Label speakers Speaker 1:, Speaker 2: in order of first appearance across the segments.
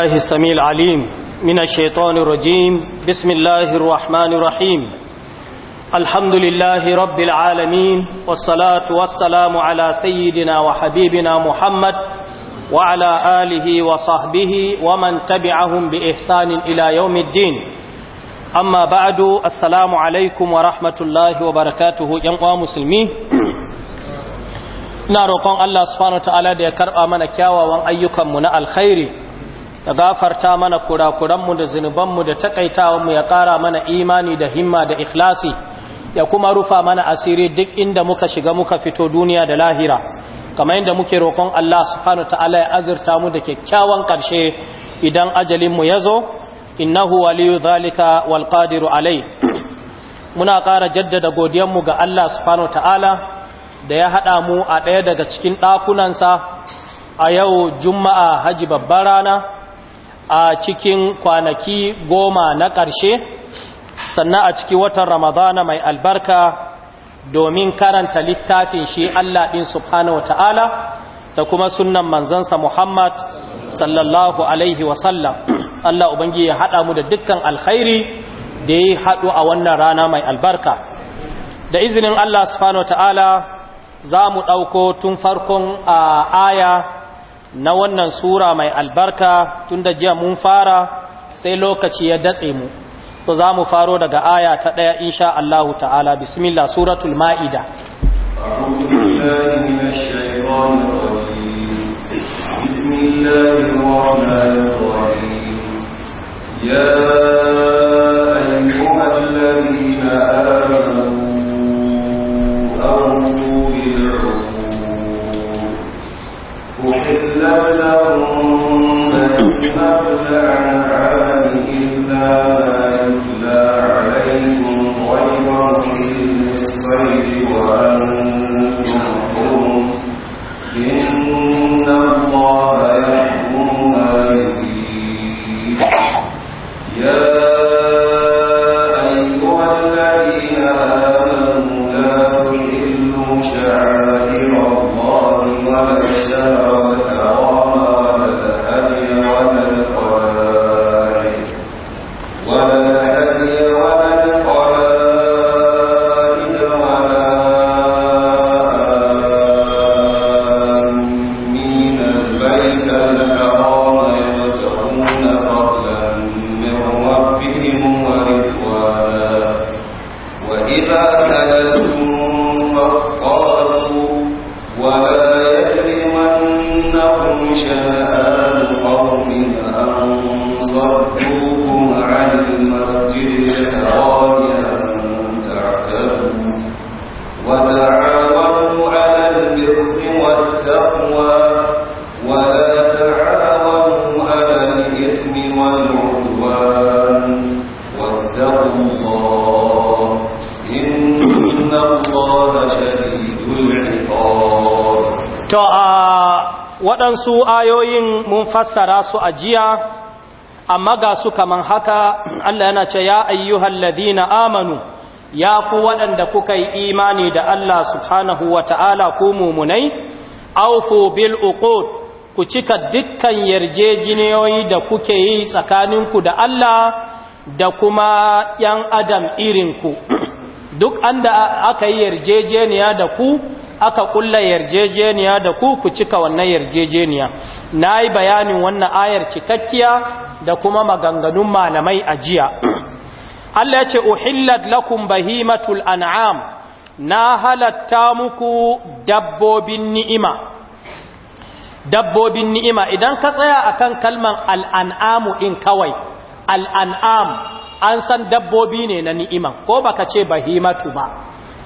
Speaker 1: الله السميع العليم من الشيطان الرجيم بسم الله الرحمن الرحيم الحمد لله رب العالمين والصلاة والسلام على سيدنا وحبيبنا محمد وعلى آله وصحبه ومن تبعهم بإحسان إلى يوم الدين أما بعد السلام عليكم ورحمة الله وبركاته يا مسلمين ina roƙon Allah subhanahu wa ta'ala da ya karɓa mana kyawawan ayyukanmu na alkhairi ya gafarta mana kurakuranmu da zunubanmu da takaitawanmu ya ƙara mana imani da himma da ikhlasi ya kuma rufa mana asiri duk inda muka shiga muka fito duniya da lahira kamar yadda muke roƙon Allah subhanahu ta'ala ya azurta mu da kyakkyawan ƙarshe idan ajalinmu ya zo innahu waliyu zalika wal qadiru alai muna ƙara jaddada godiyanmu ga Allah subhanahu ta'ala da ya haɗa mu a ɗaya daga cikin ɗakunansa a yau juma'a haji babbar rana a cikin kwanaki goma na ƙarshe sannan a cikin watan ramadana mai albarka domin karanta littafin shi Allah ɗin subhanahu wa ta'ala da kuma sunan manzansa Muhammad sallallahu alaihi wasallam Allah Ubangi ya haɗa mu da dukkan alkhairi da ya haɗu a wannan rana mai albarka da izinin Allah subhanahu wa ta'ala za mu ɗauko tun farkon a aya na wannan sura mai albarka tun da jiya mun fara sai lokaci ya datse mu to za mu faro daga aya ta ɗaya insha Allahu ta'ala bismillah suratul ma'ida
Speaker 2: الذين آمنوا أرضوا بالعروة أحل لهم بين أربع عام إلا
Speaker 1: fassara su a jiya amma ga su kaman haka Allah yana ce ya ayyuhal ladina amanu ya ku waɗanda kuka yi imani da Allah subhanahu wa ta'ala ku mumunai aufu bil uqud ku cika dukkan yarjejeniyoyi da kuke yi tsakaninku da Allah da kuma ‘yan adam irinku duk anda aka yi yarjejeniya da ku aka kulla yarjejeniya da ku ku cika wannan yarjejeniya na yi bayanin wannan ayar cikakkiya da kuma maganganun malamai a jiya Allah ya ce uhillat lakum bahimatul an'am na halatta muku dabbobin ni'ima dabbobin ni'ima idan ka tsaya akan kalman al'an'amu in kawai al'an'am an san dabbobi ne na ni'ima ko baka ce bahimatu ba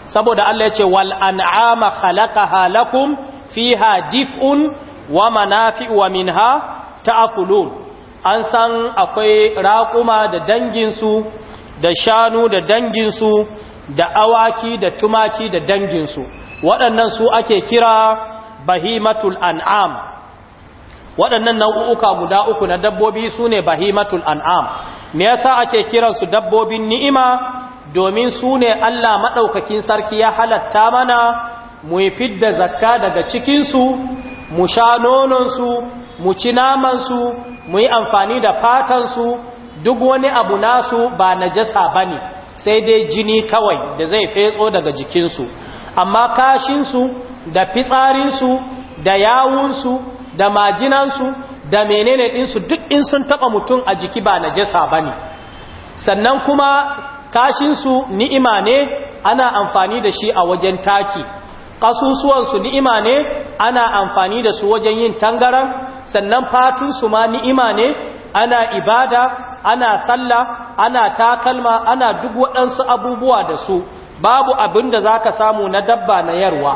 Speaker 1: saboda Allah ya ce wal an'ama khalaqaha lakum fiha dif'un wa manafi'u wa minha ta'kulun an san akwai raƙuma da danginsu da shanu da danginsu da awaki da tumaki da danginsu waɗannan su ake kira bahimatul an'am waɗannan nau'uka guda uku na dabbobi sune bahimatul an'am me yasa ake kiransu dabbobin ni'ima domin su ne Allah maɗaukakin sarki ya halatta mana mu yi fidda zakka daga cikinsu mu sha nononsu mu ci namansu mu yi amfani da fatansu duk wani abu nasu ba jasa ba ne sai dai jini kawai da zai fetso daga jikinsu amma kashinsu da fitsarinsu da yawunsu da majinansu da menene ɗinsu duk in sun taɓa mutum a jiki ba na jasa ba ne sannan kuma kashinsu ni'ima ne ana amfani da shi a wajen taki ƙasusuwansu ni'ima ne ana amfani da su wajen yin tangaran sannan fatunsu ma ni'ima ne ana ibada ana sallah ana takalma ana duk waɗansu abubuwa da su babu abin da za ka samu na dabba na yarwa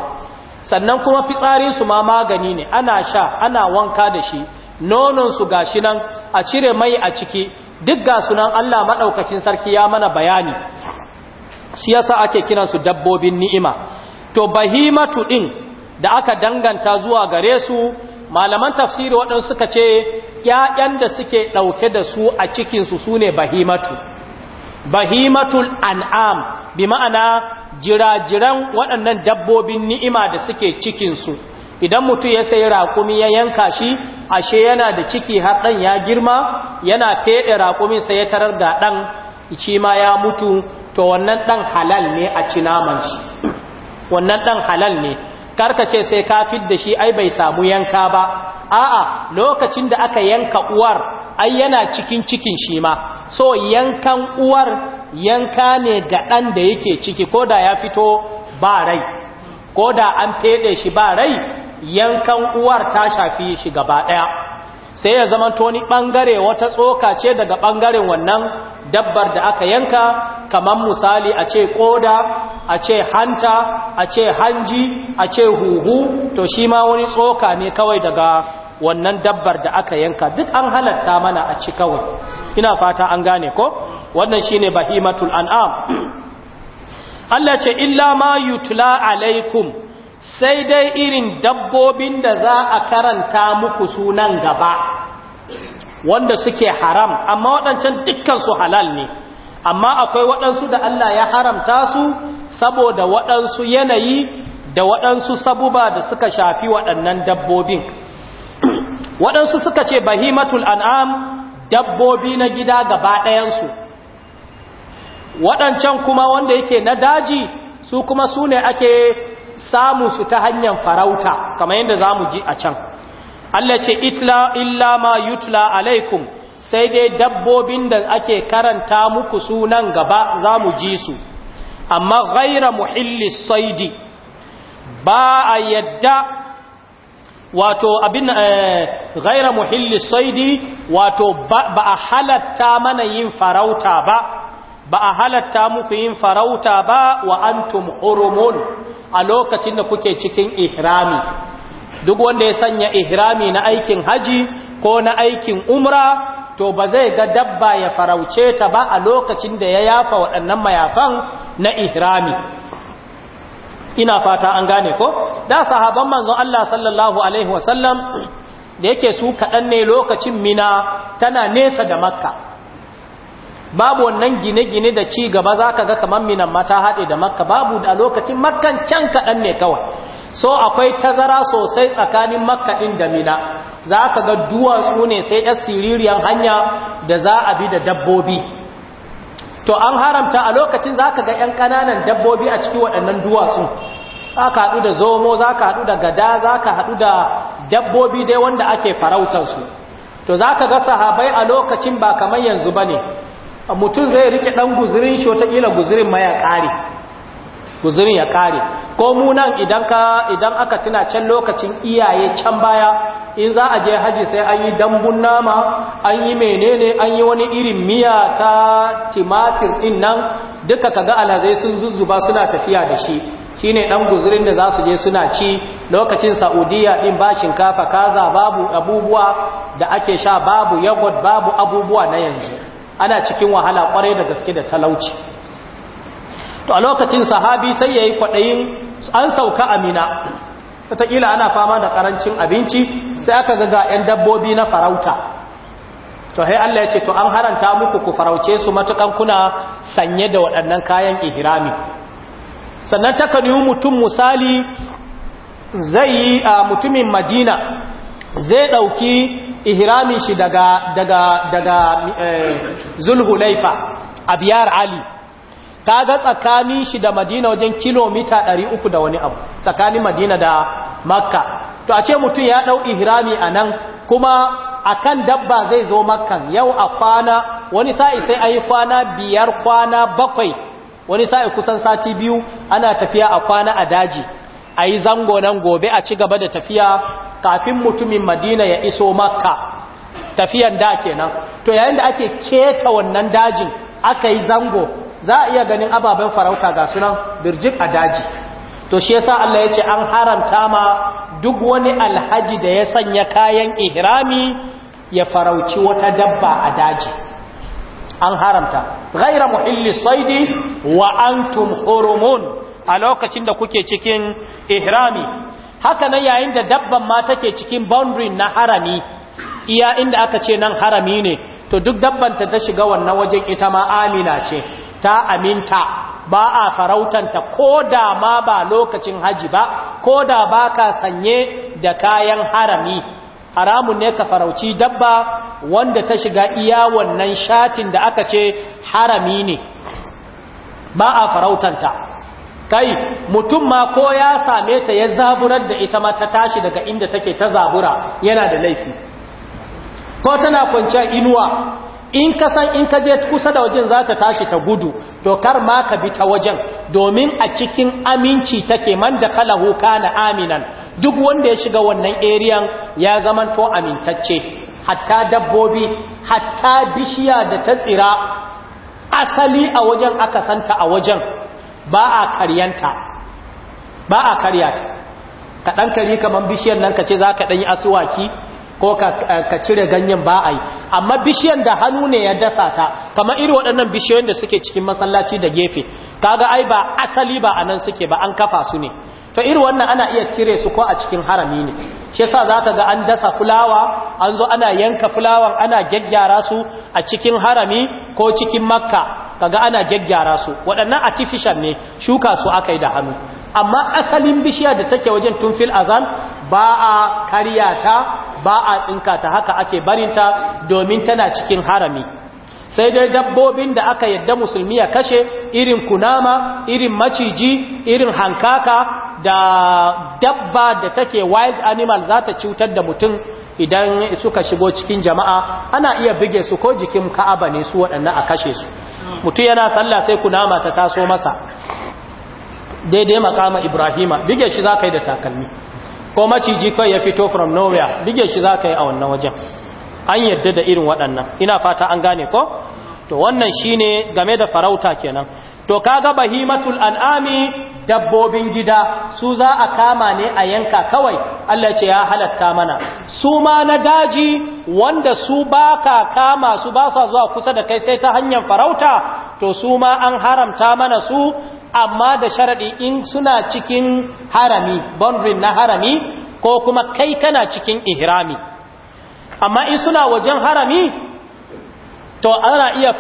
Speaker 1: sannan kuma su ma magani ne ana sha ana wanka da shi nonon nononsu shi nan a cire mai a ciki duk ga sunan Allah maɗaukakin sarki ya mana bayani shi yasa ake kiransu dabbobin ni'ima to bahimatu ɗin da aka danganta zuwa gare su malaman tafsiri waɗansu suka ce ‘ya'yan da suke ɗauke da su a cikinsu su ne bahimatu bahimatul an'am bi ma'ana jira-jiran waɗannan dabbobin ni'ima da suke cikinsu idan mutum ya sayi raƙumi ya yanka shi ashe yana da ciki har ɗan ya girma yana feɗe raƙumin sai ya tarar da ɗan shi ma ya mutu to wannan ɗan halal ne a ci naman shi wannan ɗan halal ne ce sai ka da shi ai bai samu yanka ba a'a lokacin da aka yanka uwar ai yana cikin cikin shi ma so yankan uwar yanka ne ga ɗan da yake ciki ko da ya fito ba rai ko da an feɗe shi ba rai yankan uwar ta shafi shi gaba ɗaya sai ya zama toni ɓangare wata tsoka ce daga ɓangaren wannan dabbar da aka yanka kamar misali a ce ƙoda a ce hanta a ce hanji a ce huhu to shi ma wani tsoka ne kawai daga wannan dabbar da aka yanka duk an halatta mana a ci kawai ina fata an gane ko wannan shi ne bahimatul an'am Allah ce illa ma yutla alaikum sai dai irin dabbobin da za a karanta muku sunan gaba wanda suke haram amma waɗancan dukkansu halal ne amma akwai waɗansu da Allah ya haramta su saboda waɗansu yanayi da waɗansu sabuba da suka shafi waɗannan dabbobin waɗansu suka ce bahimatul an'am dabbobi na gida gaba ɗayansu waɗancan kuma wanda yake na daji su kuma su ne ake samu su ta hanyar farauta kamar yadda za mu ji a can Allah ce illa ma yutla alaikum sai dai dabbobin da ake karanta muku sunan gaba za mu ji su amma gaira muhilli saidi ba a yadda wato abin eh, ghaira muhilli saidi wato ba a halatta mana yin farauta ba ba a halatta muku yin farauta ba wa antum hurumun a lokacin da kuke cikin ihrami duk wanda ya sanya ihrami na aikin haji ko na aikin umra to ba zai ga dabba ya farauce ta ba a lokacin da ya yafa waɗannan mayafan na ihrami ina fata an gane ko da sahaban manzon Allah sallallahu alaihi wasallam da yake su kaɗan ne lokacin mina tana nesa da makka babu wannan gine-gine da ci gaba za ka ga kamar minan mata haɗe da makka babu a lokacin makkan can kaɗan ne kawai so akwai tazara sosai tsakanin makka ɗin da mina za ka ga duwatsu ne sai ɗan siririyar hanya da za a bi da dabbobi to an haramta a lokacin za ka ga ‘yan ƙananan dabbobi a cikin waɗannan duwatsu za ka haɗu da zomo za ka haɗu da gada za ka haɗu da dabbobi dai wanda ake farautarsu to za ka ga sahabai a lokacin ba kamar yanzu ba ne mutum zai rike dan guzurin shi watakila guzurin ma ya ƙare guzurin ya ƙare ko munan idan ka idan aka tuna can lokacin iyaye can baya in za a je haji sai an yi dambun nama an yi menene an yi wani irin miya ta timatir din nan duka kaga alhazai sun zuzzuba suna tafiya da shi Shi ne ɗan guzurin da za su je suna ci lokacin sa'udiyya ɗin ba shinkafa kaza babu abubuwa da ake sha babu yogurt babu abubuwa na yanzu ana cikin wahala kwarai da gaske da talauci to a lokacin sahabi sai ya yi kwaɗayin an sauka amina wataƙila ana fama da ƙarancin abinci sai aka ga ga 'yan dabbobi na farauta to hai Allah ya ce to an haranta muku ku farauce su matukan kuna sanye da waɗannan kayan ihrami sannan takan yi mutum misali zai yi a mutumin madina zai ɗauki ihrami shi daga daga daga eh, zulhulaifa a biyar ali kaga tsakanin shi da madina wajen kilomita 300 da wani abu tsakanin madina da makka to a ce mutum ya dau ihrami anan kuma akan dabba zai zo makkan yau a kwana wani sa'i sai ayi kwana biyar kwana bakwai wani sa'i kusan sati biyu ana tafiya a kwana a daji a yi zango nan gobe a ci gaba da tafiya kafin mutumin madina ya iso makka tafiyan da kenan to yayin da ake keta wannan dajin aka yi zango za a iya ganin ababen farauta ga sunan birjik a daji to shi yasa Allah ya ce an haramta ma duk wani alhaji da ya sanya kayan ihrami ya farauci wata dabba a daji an haramta ghayra muhilli saidi wa antum hurumun a lokacin da kuke cikin ihrami haka nan yayin da dabban ma take cikin boundary na harami iya inda aka ce nan harami ne to duk dabban ta ta shiga wannan wajen ita ma amina ce ta aminta ba a farautanta ko da ma ba lokacin haji ba ko da ba ka sanye da kayan harami haramun ne ka farauci dabba wanda ta shiga iya wannan shatin da aka ce harami ne ba a farautanta kai mutum ma ko ya same ta ya zaburar da ita ma ta tashi daga inda take ta zabura yana da laifi ko tana kwanciyar inuwa in ka san in ka je kusa da wajen za ta tashi ta gudu to kar ma ka bi ta wajen domin a cikin aminci take man da kalahu kana aminan duk wanda ya shiga wannan eriyan ya zamanto amintacce hatta dabbobi hatta bishiya da ta tsira asali a wajen aka santa a wajen ba a karyanta ba a karyata ka ɗan kari kamar bishiyar nan ka ce za ka ɗanyi asuwaki ko ka cire ganyen ba a yi amma bishiyan da hannu ne ya dasa ta kamar iri waɗannan bishiyoyin da suke cikin masallaci da gefe kaga ai ba asali ba a nan suke ba an kafa su ne to iri wannan ana iya cire su ko a cikin harami ne shi yasa ka ga an dasa fulawa an zo ana yanka fulawan ana gyaggyara su a cikin harami ko cikin makka kaga ana gyaggyara su waɗannan artificial ne shuka su aka yi da hannu amma asalin bishiya da take wajen tun fil azal ba a karya ta ba a tsinkata ta haka ake barinta domin tana cikin harami sai dai dabbobin da aka yadda musulmi ya kashe irin kunama irin maciji irin hankaka da dabba da take wild animal za ta cutar da mutum idan suka shigo cikin jama'a ana iya bige su ko jikin ka'aba ne su waɗannan a kashe su mutum yana sallah sai kunama ta taso masa daidai makama ibrahima bige shi za ka yi da takalmi ko maciji kai ya fito from nowhere bige shi za ka yi a wannan wajen an yadda da irin waɗannan ina fata an gane ko to wannan shi ne game da farauta kenan to ka kaga bahimatul an'ami dabbobin gida su za a kama ne a yanka kawai Allah ce ya halatta mana su ma na daji wanda su baka kama su ba sa zuwa kusa da kai sai ta hanyar farauta to su ma an haramta mana su amma da sharaɗi in suna cikin harami boundary na harami ko kuma kai kana cikin ihrami amma in suna wajen harami to ana iya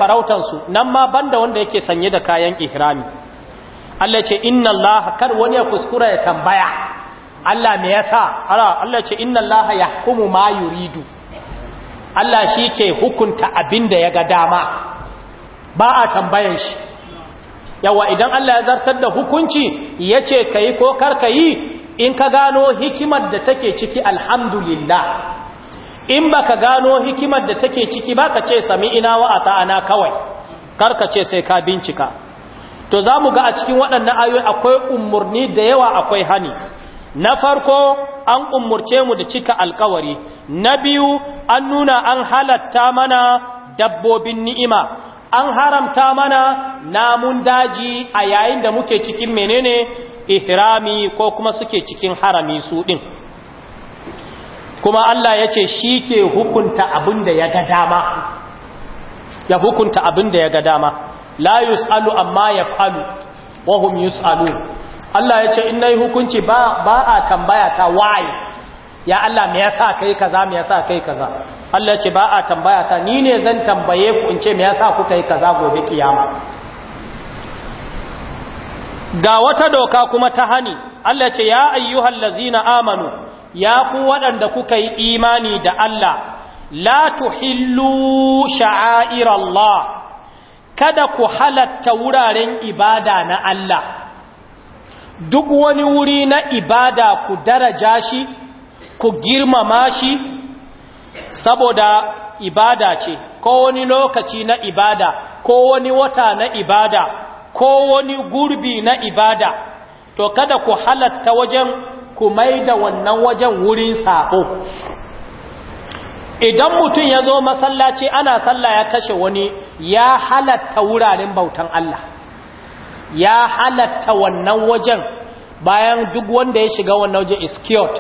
Speaker 1: su nan ma banda wanda yake sanye da kayan ihrami Allah ce inna Allah kar wani ya kuskura ya tambaya Allah me yasa Allah ce inna Allah yahkumu ma yuridu Allah shi ke hukunta abinda ya ga dama ba a tambayan shi yawa idan Allah ya zartar da hukunci ya ce ka yi ko kar ka yi in ka gano hikimar da take ciki alhamdulillah in ba ka gano hikimar da take ciki ba ka ce sami ina wa ta'ana kawai kar ce sai ka bincika to za mu ga a cikin waɗannan ayoyi akwai umarni da yawa akwai hani na farko an umurce mu da cika alkawari na biyu an nuna an halatta mana dabbobin ni'ima an haramta mana namun daji a yayin da muke cikin menene ihrami ko kuma suke cikin harami su din kuma Allah ya ce shi ke hukunta abin da ya ga dama ya hukunta abin da ya ga dama la yus'alu amma ya falu wahum yus'alu Allah ya ce in nayi hukunci ba ba a tambaya ta why ya Allah me yasa kai kaza me yasa kai kaza Allah ce ba a tambaya ta ni ne zan tambaye ku in ce me yasa kuka yi kaza gobe kiyama ga wata doka kuma ta hani Allah ce ya ayyuhal lazina amanu ya ku waɗanda kuka yi imani da Allah la tuhillu sha'air Allah kada ku halatta wuraren ibada na Allah duk wani wuri na ibada ku daraja shi ku girmama shi saboda ibada ce ko wani lokaci na ibada ko wani wata na ibada ko wani gurbi na ibada to kada ku halatta wajen ku maida wannan wajen wurin sako idan mutum ya zo masallaci ana sallah ya kashe wani ya halatta wuraren bautan Allah ya halatta wannan wajen bayan duk wanda ya shiga wannan waje iskiot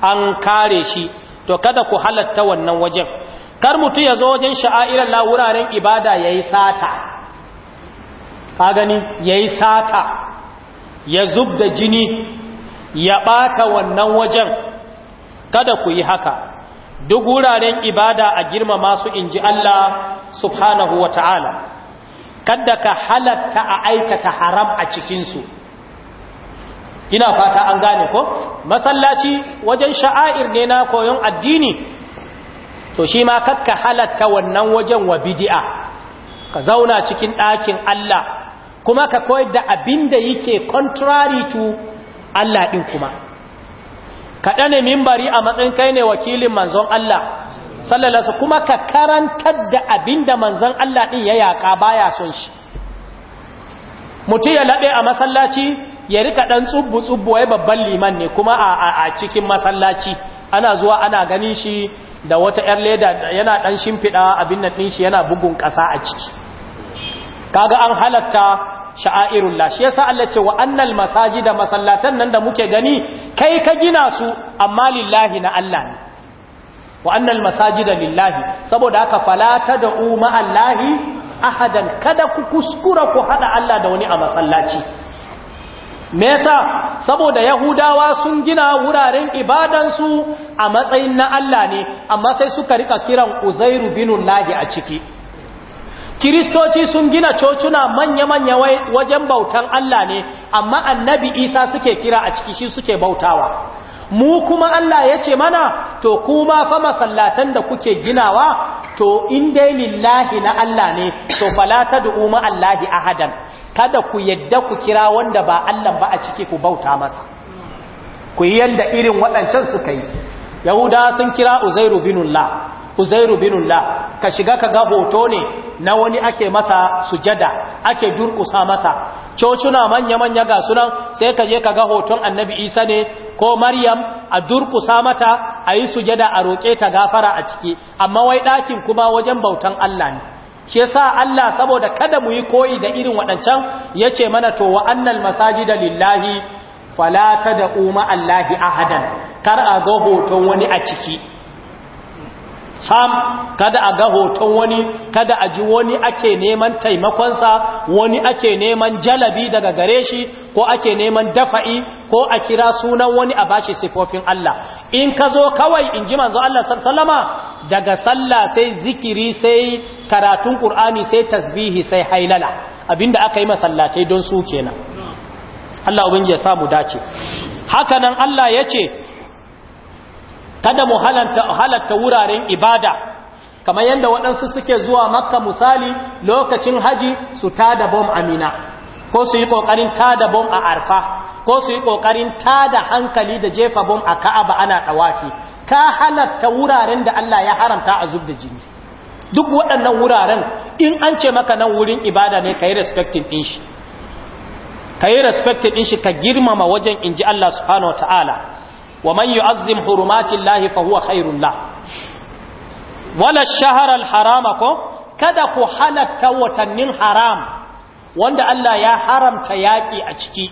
Speaker 1: an kare shi to kada ku halatta wannan wajen kar mutu ya zo wajen sha'airar la wuraren ibada ya yi sata ka gani ya yi sata ya zub da jini ya ɓata wannan wajen kada ku yi haka duk wuraren ibada a girmama su in ji Allah subhanahu wa ta'ala kada ka halatta a aikata haram a cikinsu ina fata an gane ko masallaci wajen sha'air ne na koyon addini to shi ma kakka halatta wannan wajen wa bidi'a ka zauna cikin ɗakin Allah kuma ka koyar da abin da yake contrary to Allah ɗin kuma ka ɗane mimbari a matsayin kai ne wakilin manzon Allah sallalasa kuma ka karantar da abin da manzon Allah ɗin ya yaƙa baya son shi mutum ya laɓe a masallaci ya rika dan tsubbu tsubbu wai babban liman ne kuma a cikin masallaci ana zuwa ana ganin shi da wata yar leda yana ɗan shimfiɗa abin nan din shi yana bugun ƙasa a ciki kaga an halatta sha'airullah shi yasa Allah ce wa annal masajida masallatan nan da muke gani kai ka gina su amma lillahi na Allah ne wa annal masajida lillahi saboda haka falata da umma allahi ahadan kada ku kuskura ku hada Allah da wani a masallaci me yasa saboda yahudawa sun gina wuraren ibadansu a matsayin na Allah ne amma sai suka rika kiran uzairu binullahi a ciki kiristoci sun gina cocuna manya-manya wajen bautan Allah ne amma annabi isa suke kira a ciki shi suke bautawa mu kuma Allah ya ce mana to kuma fa masallatan da kuke ginawa to in dai lillahi na Allah ne to fala tad'u ma Allahi ahadan kada ku yadda ku kira wanda ba Allah ba a ciki ku bauta masa ku yi yanda irin waɗancan suka yi yahuda sun kira uzairu binullah uzairu binullah ka shiga ka ga hoto ne na wani ake masa sujada ake durkusa masa cocuna manya-manya ga sunan sai ka je ka ga hoton annabi isa ne ko maryam a durkusa mata a yi sujada a roƙe ta gafara a ciki amma wai ɗakin kuma wajen bautan allah ne shi yasa Allah saboda kada mu yi koyi da irin waɗancan yace mana to wa annal masajida lillahi fala tad'u ma'allahi allahi ahadan kar a ga hoton wani a ciki sam kada a ga hoton wani kada a ji wani ake neman taimakonsa wani ake neman jalabi daga gare shi ko ake neman dafa'i ko a kira sunan wani a bashi sifofin Allah in ka zo kawai in ji manzo Allah sallama daga sallah sai zikiri sai karatun Qur'ani sai tasbihi sai hailala abinda aka yi masallatai don su kenan Allah ubangiji ya samu dace haka nan Allah yace kada mu halatta wuraren ibada kamar yadda waɗansu suke zuwa makka misali lokacin haji su tada bom amina ko su yi ƙoƙarin tada bom a arfa ko su yi ƙoƙarin tada hankali da jefa bom a ka'aba ana ɗawafi ka halatta wuraren da Allah ya haramta a zub da jini duk waɗannan wuraren in an ce maka nan wurin ibada ne ka yi respectin ɗin shi ka yi respectin ɗin shi ka girmama wajen in ji Allah subhanahu wa ta'ala wa man yu'azzim hurumatin lahi fa huwa khairun la wala shahar harama ko kada ku halatta watannin haram wanda Allah ya haramta yaki a ciki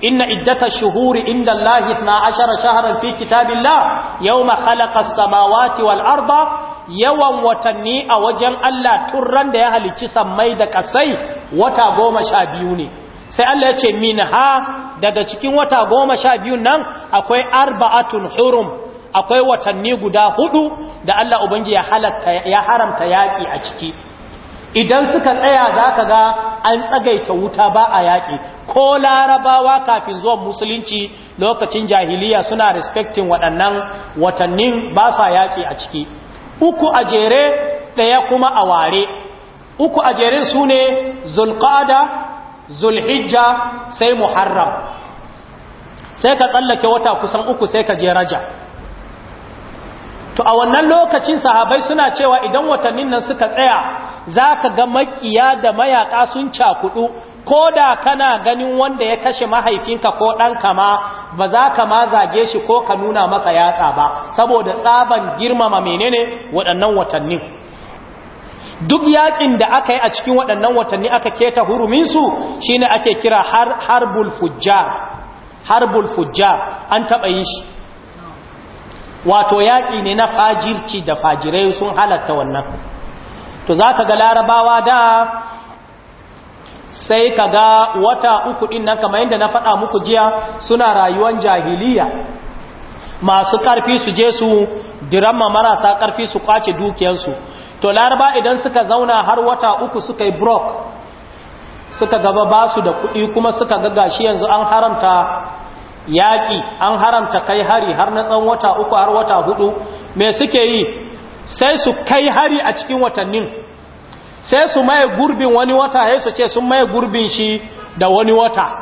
Speaker 1: inna iddata shuhuri inda Allah itna ashara shaharar fi kitabillah yawma khalaqa samawati wal arda yawan watanni a wajen Allah tun ran da ya halicci sammai da kasai wata goma sha biyu ne sai Allah ya ce minha daga cikin wata goma sha biyu nan akwai arba'atun hurum akwai watanni guda hudu da Allah ubangi ya halatta ya haramta yaki a ciki idan suka tsaya zaka ga an tsagaita wuta ba a yaki ko larabawa kafin zuwa musulunci lokacin jahiliya suna respecting waɗannan watannin ba sa yaki a ciki uku a jere ɗaya kuma a ware uku a jere su ne zulqada zulhijja sai muharram sai ka tsallake wata kusan uku sai ka je raja to a wannan lokacin sahabai suna cewa idan watannin nan suka tsaya za ka ga makiya da mayaƙa sun cakudu ko da kana ganin wanda ya kashe mahaifinka ko ɗanka ma ba za ka ma zage shi ko ka nuna masa yatsa ba saboda tsaban girmama menene waɗannan watannin duk yaƙin da aka yi a cikin waɗannan watanni aka keta huruminsu shine ake kira harbul fujjar harbul fujja an taɓa yin shi wato yaƙi ne na fajirci da fajirai sun halatta wannan to za ka ga larabawa da sai ka ga wata uku ɗin nan kamar yadda na faɗa muku jiya suna rayuwan jahiliya masu ƙarfi su je su diramma marasa ƙarfi su kwace dukiyansu to laraba idan suka zauna har wata uku suka yi broke suka gaba ba su da kuɗi kuma suka ga gashi yanzu an haramta yaƙi an haramta kai hari har na tsawon wata uku har wata hudu me suke yi sai su kai hari a cikin watannin sai su maye gurbin wani wata ya su ce sun maye gurbin shi da wani wata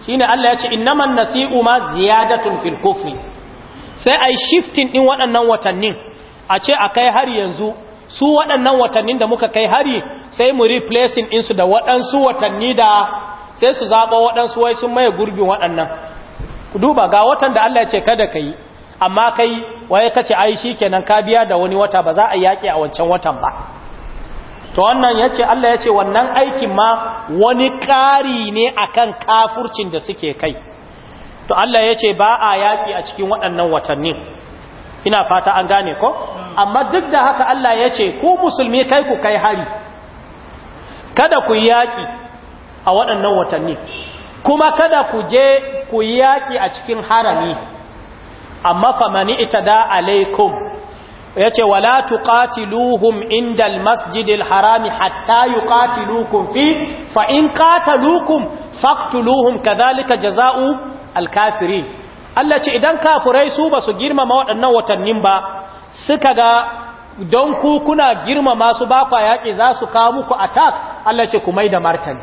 Speaker 1: Shi ne Allah ya ce man nasi'u ma ziyadatun fil kufri sai yi shifting ɗin waɗannan watannin a ce a kai hari yanzu su waɗannan watannin da muka kai hari sai mu replacing insu da waɗansu watanni da sai su zaɓa waɗansu wai sun maye gurbin waɗannan ku duba ga watan da Allah ya ce kada ka yi amma kai waye ka ce ai shi kenan ka biya da wani wata ba za a yaƙi a wancan watan ba to wannan yace Allah ya wannan aikin ma wani ƙari ne akan kafurcin da suke kai to Allah yace ce ba a yaƙi a cikin waɗannan watannin ina fata an gane ko amma duk da haka Allah ya ce ku musulmi kai ku kai hari kada ku yaƙi a waɗannan watanni kuma kada ku je ku yaƙi a cikin harami amma famani itada alaikum ya ce wala tuqatiluhum indal masjidil harami hatta yuqatilukum fi fa in qataluukum faqtuluhum kadhalika jazaa'u alkafirin Allah ce idan kafurai su ba su girmama waɗannan watannin ba suka ga don ku kuna girmama su ba kwa yaƙi za su kawo muku attack Allah ce ku mai da martani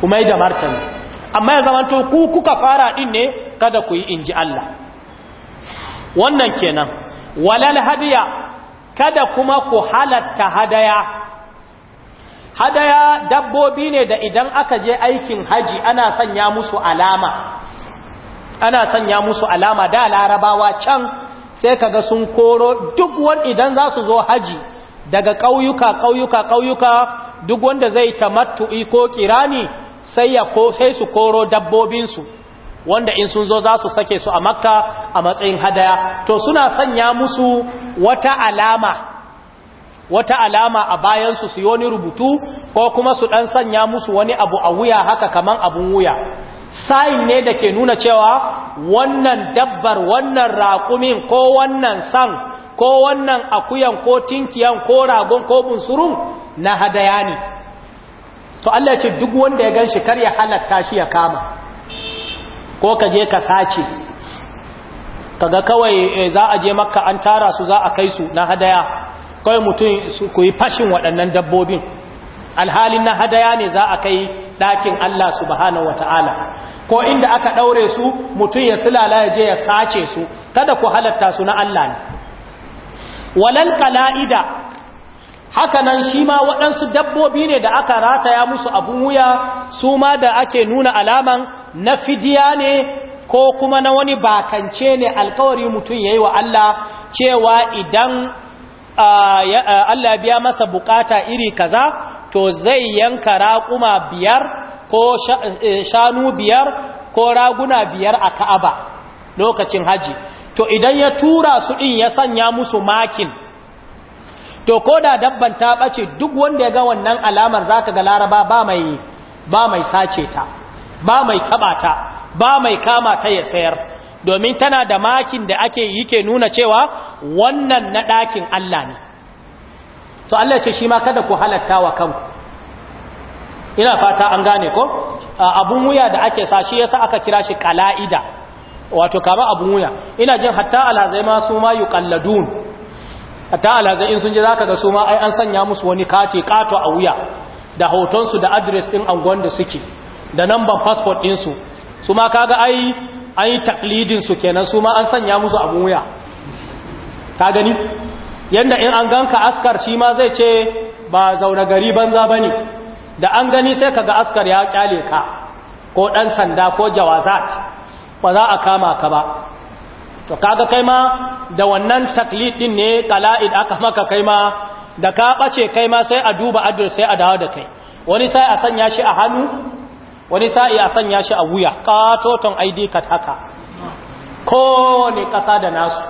Speaker 1: ku mai da martani amma ya zamanto ku kuka fara ɗin ne kada ku yi inji Allah wannan kenan walal hadiya kada kuma ku halatta hadaya hadaya dabbobi ne da idan aka je aikin haji ana sanya musu alama ana sanya musu alama da larabawa can sai kaga sun koro duk wani idan za su zo haji daga ƙauyuka ƙauyuka ƙauyuka duk wanda zai tamattu ko kirani sai ya ko sai su koro dabbobinsu wanda in sun zo za su sake su a makka a matsayin hadaya to suna sanya musu wata alama wata alama a bayan su yi wani rubutu ko kuma su ɗan sanya musu wani abu a wuya haka kaman abun wuya sayin ne da ke nuna cewa wannan dabbar wannan raƙumin ko wannan san ko wannan akuyan ko tinkiyan ko ragon ko bunsurun na hadaya ne to Allah ya ce duk wanda ya gan kar ya halatta shi ya kama ko ka je ka sace kaga kawai eh, za a je makka an tara su za a kai su na hadaya kawai mutum ku yi fashin waɗannan dabbobin alhalin na hadaya ne za a kai ɗakin Allah subhanahu wata'ala ko inda aka ɗaure su mutum ya silala ya je ya sace su kada ku halatta su na Allah ne walal kala'ida haka nan shi ma waɗansu dabbobi ne da aka rataya musu abun wuya su ma da ake nuna alaman na fidiya ne ko kuma na wani bakance ne alkawari mutum ya yi wa Allah cewa idan Allah biya masa bukata iri kaza to zai yanka raƙuma biyar ko e, shanu biyar ko raguna biyar a ka'aba lokacin haji to idan ya tura su ɗin ya sanya musu makin to ko da dabban ta ɓace duk wanda ya ga wannan alamar za ka ga laraba ba mai sace ta ba mai taɓa ta ba mai kama ta ya sayar domin tana da makin da ake yake nuna cewa wannan na ɗakin Allah ne to Allah ce shi ma kada ku halatta wa kanku ina fata an gane ko abun wuya da ake sa shi yasa aka kira shi kala'ida wato kama abun wuya ina jin hatta alhazai ma su ma yuqalladun hatta alhazai in sun je zaka ga su ma ai an sanya musu wani kati kato a wuya da hotonsu da adres ɗin anguwan da suke da number passport din su su ma kaga ai an yi su kenan su ma an sanya musu abin wuya ka gani yadda in an ganka askar shi ma zai ce ba zaune gari banza ba ne da an gani sai kaga askar ya kyale ka ko ɗan sanda ko jawazat ba za a kama ka ba to kaga kai ma da wannan taklidin ne kala'id aka maka kai ma da ka ɓace kai ma sai a duba adres sai a dawo da kai wani sai a sanya shi a hannu wani sa'i a sanya shi a wuya katoton ID card haka ko ne kasa da nasu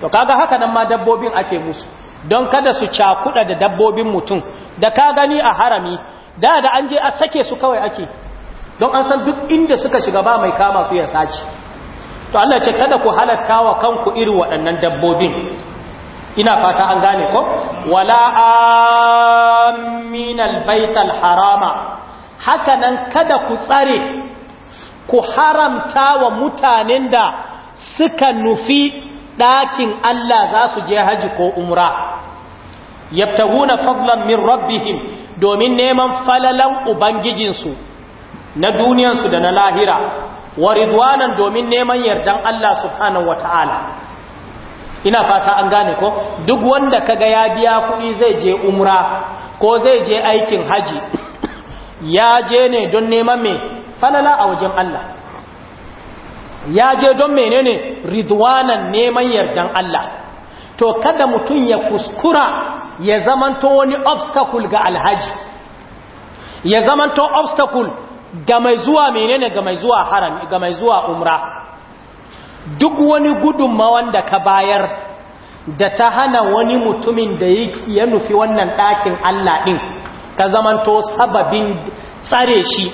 Speaker 1: to kaga haka nan ma dabbobin ake musu don kada su cakuda da dabbobin mutum da ka gani a harami da da an je a sake su kawai ake don an san duk inda suka shiga ba mai kama su ya sace to Allah ce kada ku halatta wa kanku irin waɗannan dabbobin ina fata an gane ko wala aminal baital harama haka nan kada ku tsare ku haramta wa mutanen da suka nufi ɗakin Allah za su je haji ko umra yabtaguna fadlan min rabbihim domin neman falalan ubangijinsu na duniyansu da na lahira wa ridwanan domin neman yardan Allah subhanahu wata'ala ina fata an gane ko duk wanda kaga ya biya kuɗi zai je umra ko zai je aikin haji ya je ne don neman me falala a wajen Allah ya je don menene ridwanan neman yardan Allah to kada mutum ya kuskura ya zamanto wani obstacle ga alhaji ya zamanto obstacle ga mai zuwa menene ga mai zuwa haram ga mai zuwa umra duk wani gudunmawan da ka bayar da ta hana wani mutumin da ya nufi wannan ɗakin Allah ɗin ka zamanto sababin tsare shi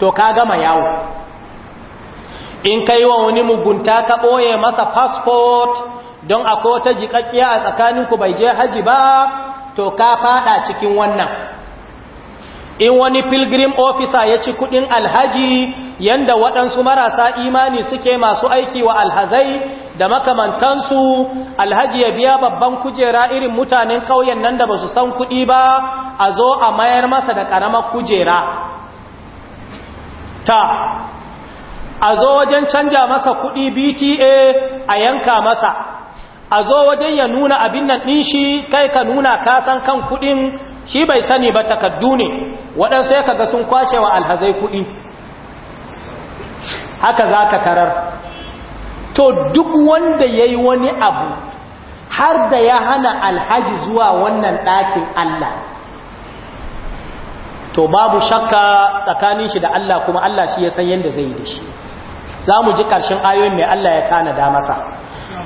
Speaker 1: to ka gama yawo in ka yi wa wani mugunta ka ɓoye masa fasfot don akwai wata jiƙaƙƙiya a tsakaninku bai je haji ba to ka faɗa cikin wannan in wani pilgrim officer ya ci kudin alhaji yanda waɗansu marasa imani suke masu aiki wa alhazai da makamantansu alhaji ya biya babban kujera irin mutanen ƙauyen nan da ba su san kuɗi ba a zo a mayar masa da ƙaramar kujera ta a zo wajen canja masa kuɗi bta a yanka masa a zo wajen ya nuna abin nan ɗin shi kai ka nuna kasan kan kuɗin shi bai sani ba takaddu ne waɗansu ya kaga sun kwashe wa alhazai kuɗi haka za ka karar to duk wanda ya yi wani abu har da ya hana alhaji zuwa wannan ɗakin Allah to babu shakka tsakanin shi da Allah kuma Allah shi ya san yadda zai yi da shi za mu ji ƙarshen ayoyin mai Allah ya tanada masa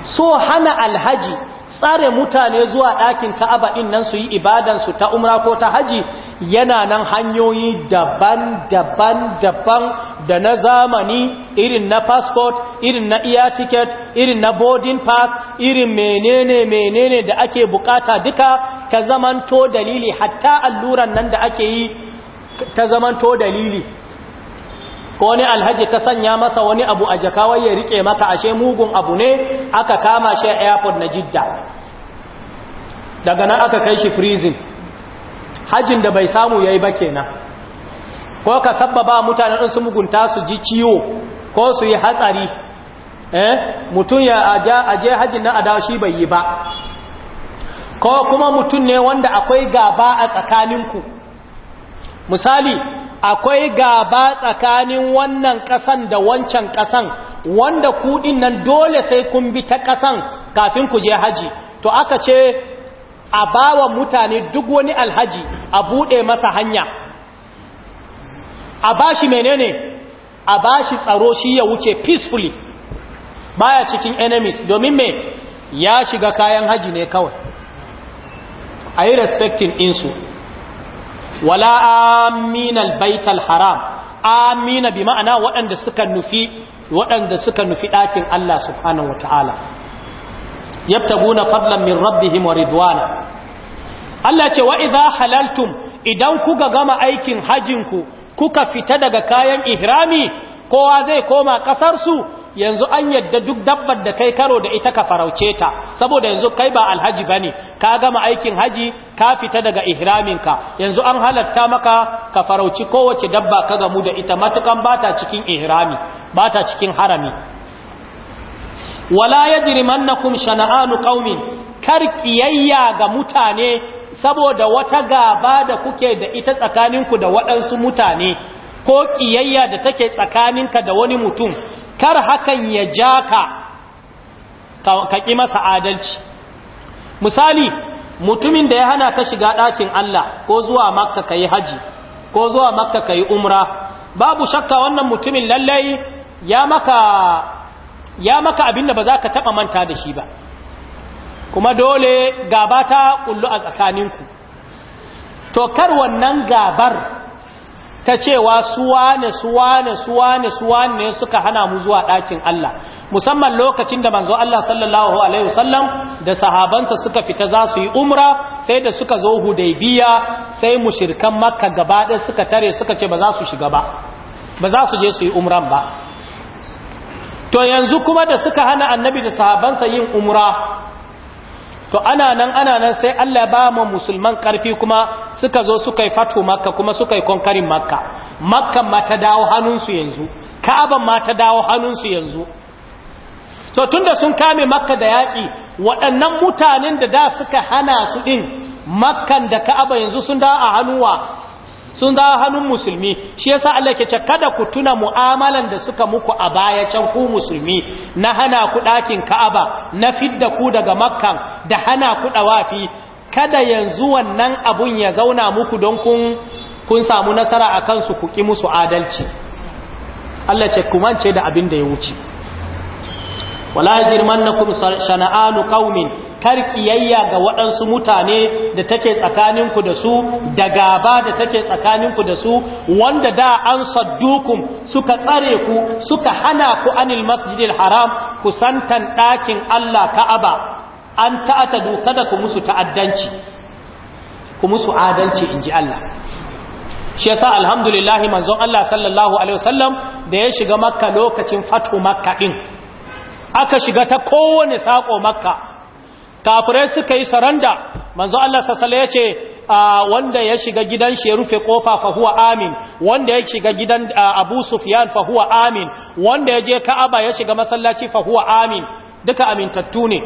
Speaker 1: so hana alhaji tsare mutane zuwa ɗakin ka'aba ɗin nan su yi ibadansu ta umra ko ta haji yana nan hanyoyi daban-daban-daban da na zamani irin na passport irin na iya ticket irin na boarding pass irin menene menene da ake bukata duka ka zamanto dalili hatta alluran nan da ake yi ta zamanto dalili ko wani alhaji ka sanya masa wani abu a jakawai ya rike maka ashe mugun abu ne aka kama shi airport na jidda daga nan aka kai shi freezing hajin da bai samu yayi ba kenan ko ka sabbaba mutane sun su mugunta su ji ciwo ko su yi hatsari eh mutum ya aje hajji na adawa shi bai yi ba ko kuma mutum ne wanda akwai gaba a tsakaninku misali akwai gaba tsakanin wannan kasan da wancan kasan wanda kuɗi nan dole sai kun bi ta kasan kafin ku je haji to aka ce a bawa mutane duk wani alhaji a buɗe masa hanya a bashi menene a bashi tsaro shi ya wuce peacefully baya cikin enemies domin me ya shiga kayan haji ne kawai a yi insu wala aminal baital haram amina bi ma'ana waɗanda suka nufi waɗanda suka nufi ɗakin Allah subhanahu wata'ala yabtaguna fadlan min rabbihim wa ridwana Allah ce wa idza halaltum idan kuka gama aikin hajinku kuka fita daga kayan ihrami kowa zai koma su? yanzu an yadda duk dabbar da kai karo da ita ka farauce ta saboda yanzu kai ba alhaji ba ne ka gama aikin haji ka fita daga ka. yanzu an halatta maka ka farauci kowace dabba ka gamu da ita matukan ta cikin ihrami ta cikin harami wala yajrimannakum shana'anu qaumin kar ga mutane saboda wata gaba da kuke da ita tsakaninku da waɗansu mutane ko ƙiyayya da take tsakaninka da wani mutum kar hakan ya ja ka ka ƙi masa adalci misali mutumin da ya hana ka shiga ɗakin Allah ko zuwa makka ka yi haji ko zuwa makka ka yi umra babu shakka wannan mutumin lallai ya maka ya maka abinda ba za ka taɓa manta da shi ba kuma dole gaba ta kullu a tsakaninku to kar wannan gabar ta cewa suwa suwa ne ne suwa ne suwa ne suka hana mu zuwa ɗakin Allah musamman lokacin da manzo Allah sallallahu alaihi wasallam da sahabansa suka fita za su yi umra sai da suka zo hudaybiya sai mushrikan makka gaba ɗaya suka tare suka ce ba za su shiga ba ba za su je su yi umran ba to yanzu kuma da suka hana annabi da sahabansa yin umra to ana nan ana nan sai Allah ya ba mu musulman karfi kuma suka zo suka yi fatu makka kuma suka yi konkarin makka makka ma ta dawo hannunsu yanzu ka'aban ma ta dawo hannunsu yanzu to tunda sun kame makka da yaƙi waɗannan mutanen da da suka hana su ɗin makkan da ka'aba yanzu sun dawo a hannuwa sun dawo hannun musulmi shi yasa Allah ke ce kada ku tuna mu'amalan da suka muku a baya can ku musulmi na hana ku ɗakin Ka'aba na fidda ku daga Makkan da hana ku dawafi kada yanzu wannan abun ya zauna muku don kun kun samu nasara a kansu ku ki musu adalci Allah ce ku mance da abin da ya wuce wala yajirmannakum shana'anu qaumin kar kiyayya ga waɗansu mutane da take tsakaninku da su da gaba da take tsakaninku da su wanda da an saddukun suka tsare ku suka hana ku anil masjidil haram kusantan ɗakin Allah ka'aba an ta'ata doka da ku musu ta'addanci ku musu adanci inji Allah shi yasa alhamdulillah manzon Allah sallallahu alaihi wasallam da ya shiga makka lokacin fatu makka din aka shiga ta kowane sako makka kafirai suka yi saranda manzo Allah sassale ya ce wanda ya shiga gidan shi ya rufe kofa fa huwa amin wanda ya shiga gidan abu sufyan fa huwa amin wanda ya je ka'aba ya shiga masallaci fa huwa amin duka amintattu ne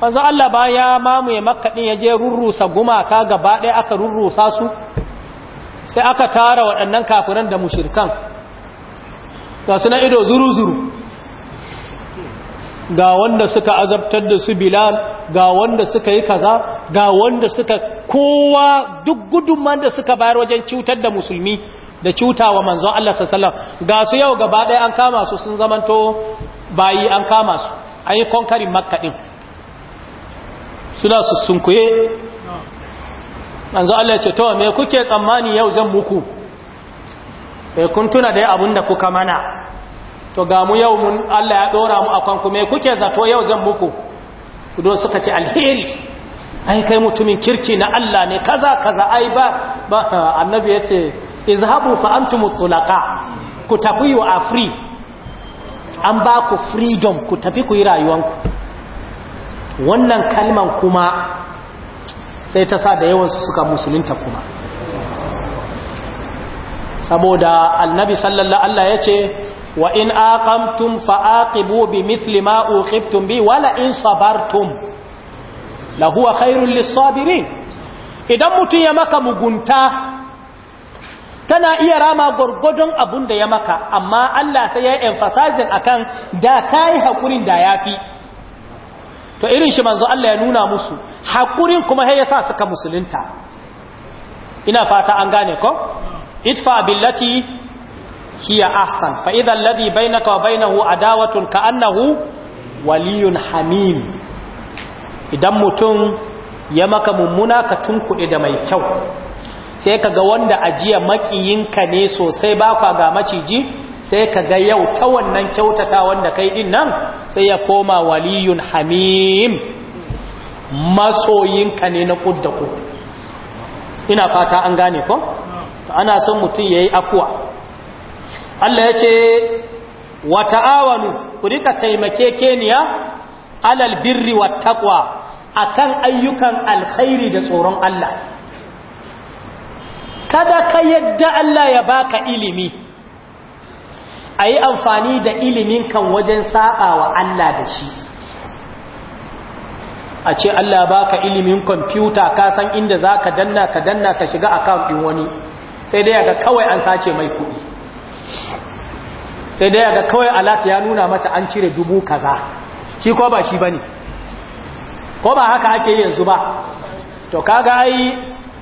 Speaker 1: manzo Allah baya ya mamaye makka din ya je rurrusa gumaka gaba ɗaya aka rurrusa su sai aka tara waɗannan kafiran da mushirkan ga suna ido zuru-zuru ga wanda suka azabtar da su bilal ga wanda suka yi kaza ga wanda suka kowa duk gudunman da suka bayar wajen cutar da musulmi da cutawa manzon Allah sallallahu alaihi wasallam ga su yau gaba ɗaya an kama su sun zamanto bayi an kama su an yi konkarin makka din suna su sunkuye manzon Allah ce to me kuke tsammani yau zan muku eh kun tuna dai abin da kuka mana to ga mu yau mun Allah ya dora mu akan ku me kuke zato yau zan muku ku don suka ce alheri ai kai mutumin kirki na Allah ne kaza kaza ai ba annabi yace izhabu fa antumut tulaqa ku tafi yu afri an ba ku freedom ku tafi ku yi rayuwanku wannan kalman kuma sai ta sa da yawansu suka musulunta kuma saboda annabi sallallahu Allah ya ce wa in aqamtum fa'aqibu bimithli ma uqibtum bi wala in sabartum la huwa khairul lisabirin idan mutun ya maka mugunta tana iya rama gurgudun abun da ya maka amma Allah sai ya emphasizing akan da kai hakurin da yafi to irin shi manzo Allah ya nuna musu hakurin kuma sai ya sa suka musulunta ina fata an gane ko idfa billati hiya ahsan fa idha alladhi bainaka wa bainahu adawatun ka'annahu waliyun hamim idan mutum ya maka mummuna ka tunkuɗe da mai kyau sai ka ga wanda ajiya makiyinka ne sosai bakwa ga maciji sai ka ga yau ta wannan kyautata wanda kai din nan sai ya koma waliyun hamim masoyinka ne na kudda ku ina fata an gane ko ana son mutum yayi yi afuwa Allah ya ce wa ta'awanu ku rika keniya alal birri wa taqwa akan ayyukan alkhairi da tsoron Allah kada ka yadda Allah ya baka ilimi a yi amfani da ilimin kan wajen saba wa Allah da shi a ce Allah baka ilimin kwamfuta ka san inda za ka danna ka danna ka shiga account ɗin wani sai dai ga kawai an sace mai kuɗi sai dai ga kawai alat ya nuna mata an cire dubu kaza shi ko ba shi bane ko ba haka ake yanzu ba to kaga ai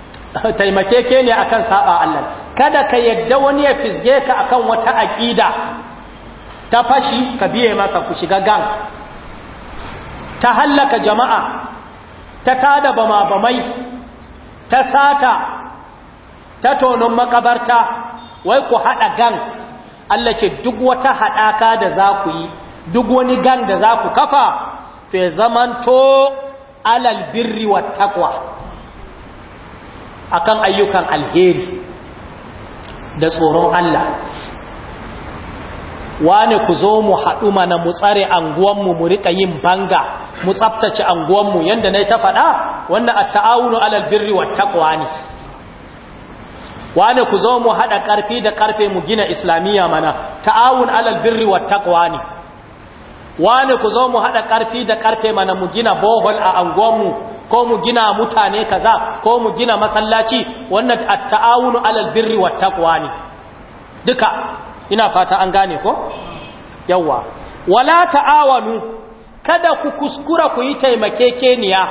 Speaker 1: taimakeke ne akan saba Allah kada ka yadda wani ya fisge ka akan wata aqida ta fashi ka biye masa ku shiga gan. ta hallaka jama'a ta tada bama bamai ta sata ta tonon makabarta wai ku haɗa gan. Allah ce duk wata haɗaka da za ku yi duk wani gan da za ku kafa fe zamanto alal birri wa takwa akan ayyukan alheri da tsoron Allah wane ku zo mu haɗu mana mu tsare anguwanmu mu riƙa yin banga mu tsaftace anguwanmu yadda na ta faɗa wannan a ta'aunu alal birri wa takwa ne wane ku zo mu haɗa ƙarfi da ƙarfe mu gina islamiyya mana ta'awun alal birri wa taqwa ne wane ku zo mu haɗa ƙarfi da ƙarfe mana mu gina bohol a anguwanmu ko mu gina mutane kaza ko mu gina masallaci wannan ta'awun alal birri wa taqwa ne duka ina fata an gane ko yawwa. wala ta'awanu kada ku kuskura ku yi taimakekeniya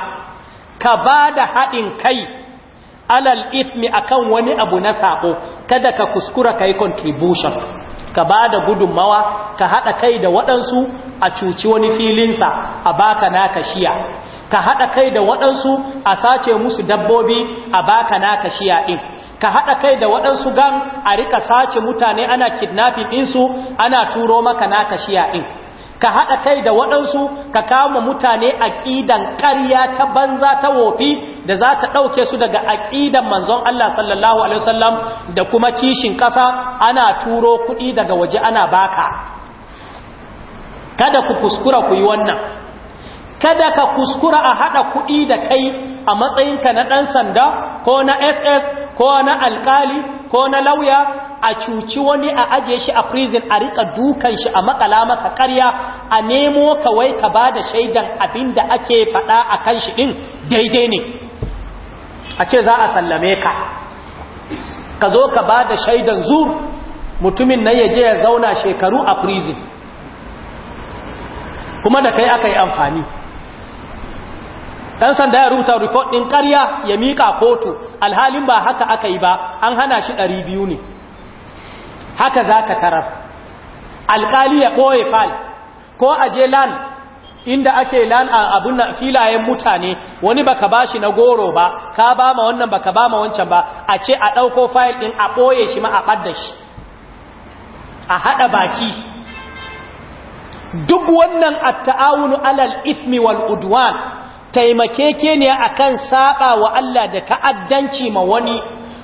Speaker 1: ka ba da haɗin kai alal ismi akan wani abu na sako kada ka kuskura ka contribution ka ba da gudunmawa ka haɗa kai da waɗansu a cuci wani filinsa a baka naka shiya ka haɗa kai da waɗansu a sace musu dabbobi a baka naka shiya din ka haɗa kai da waɗansu gan a rika sace mutane ana kidnapping ɗinsu ana turo maka naka shiya in. ka haɗa kai da waɗansu ka kama mutane aƙidan ƙarya ta banza ta wofi da za ta ɗauke su daga aƙidan manzon Allah sallallahu Alaihi wasallam da kuma kishin ƙasa ana turo kuɗi daga waje ana baka kada ku kuskura ku yi wannan kada ka kuskura a haɗa kuɗi da kai a matsayinka na ɗan sanda ko na ss ko na alkali ko na lauya a cuci wani a ajiye shi a prison a rika dukan shi a makala masa karya a nemo kawai ka ba da shaidan abin da ake faɗa a kan shi ɗin daidai ne a ce za a sallame ka ka zo ka ba da shaidan zur mutumin nan ya je ya zauna shekaru a prison kuma da kai aka yi amfani ɗan sanda ya rubuta report ɗin ƙarya ya miƙa kotu alhalin ba haka aka yi ba an hana shi ɗari biyu ne haka za ka tarar alƙali ya ɓoye fal ko a je lan inda ake lan a abin filayen mutane wani baka ba shi na goro ba ka ba ma wannan baka ba ma wancan ba a ce a ɗauko fayil ɗin a ɓoye shi ma a ɓadda shi a haɗa baki duk wannan a ta'awunu alal ismi wal udwan taimake a akan saba wa Allah da ta'addanci ma wani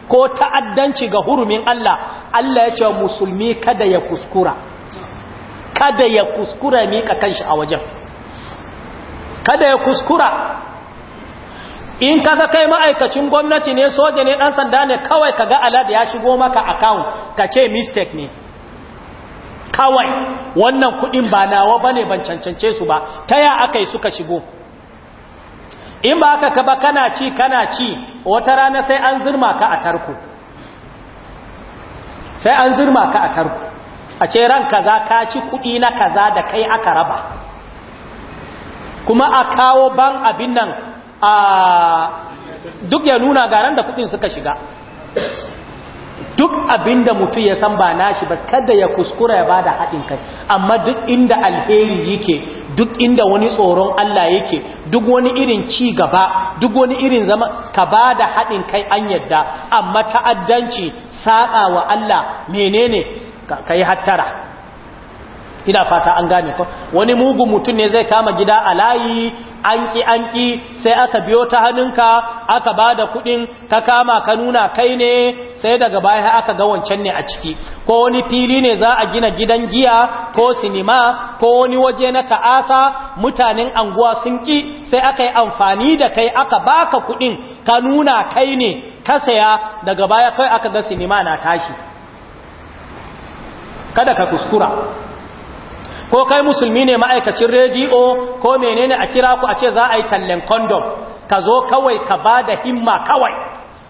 Speaker 1: ko ta'addanci ga hurumin Allah Allah ya ce wa musulmi kada ya kuskura kada ya kuskura mika kanshi a wajen kada ya kuskura in kaga kai ma'aikacin gwamnati ne soja ne ɗan sanda ne kawai ka ga alad ya shigo maka account ka ce mistake ne kawai wannan kuɗin ba nawa ne ban cancance su ba ta ya akai suka shigo in ba haka ka ba kana ci kana ci wata rana sai an zirma ka a tarko sai an zirma ka a tarko a ce ran kaza ka ci kuɗi na kaza da kai aka raba kuma a kawo ban abin nan a duk ya nuna garan da kuɗin suka shiga duk abinda mutum ya san ba nashi ba kada ya kuskura ya bada haɗin kai amma duk inda alheri yake duk inda wani tsoron Allah yake duk wani irin ci gaba duk wani irin zama ka bada haɗin kai an yadda amma ta'addanci saƙa wa Allah menene ka yi hattara ina fata an gane ko wani mugun mutum ne zai kama gida a layi anki anki sai aka biyo ta hannunka aka bada kudin ka kama ka nuna kai ne sai daga baya aka ga wancan ne a ciki ko wani fili ne za a gina gidan giya ko sinima ko wani waje na ta'asa mutanen anguwa sun ki sai aka yi amfani da kai aka baka kudin ka nuna kai ne ka saya daga baya kai aka ga sinima na tashi kada ka kuskura ko kai musulmi ne ma'aikacin rediyo ko menene a kira ku a ce za a yi tallen kondom ka zo kawai ka ba da himma kawai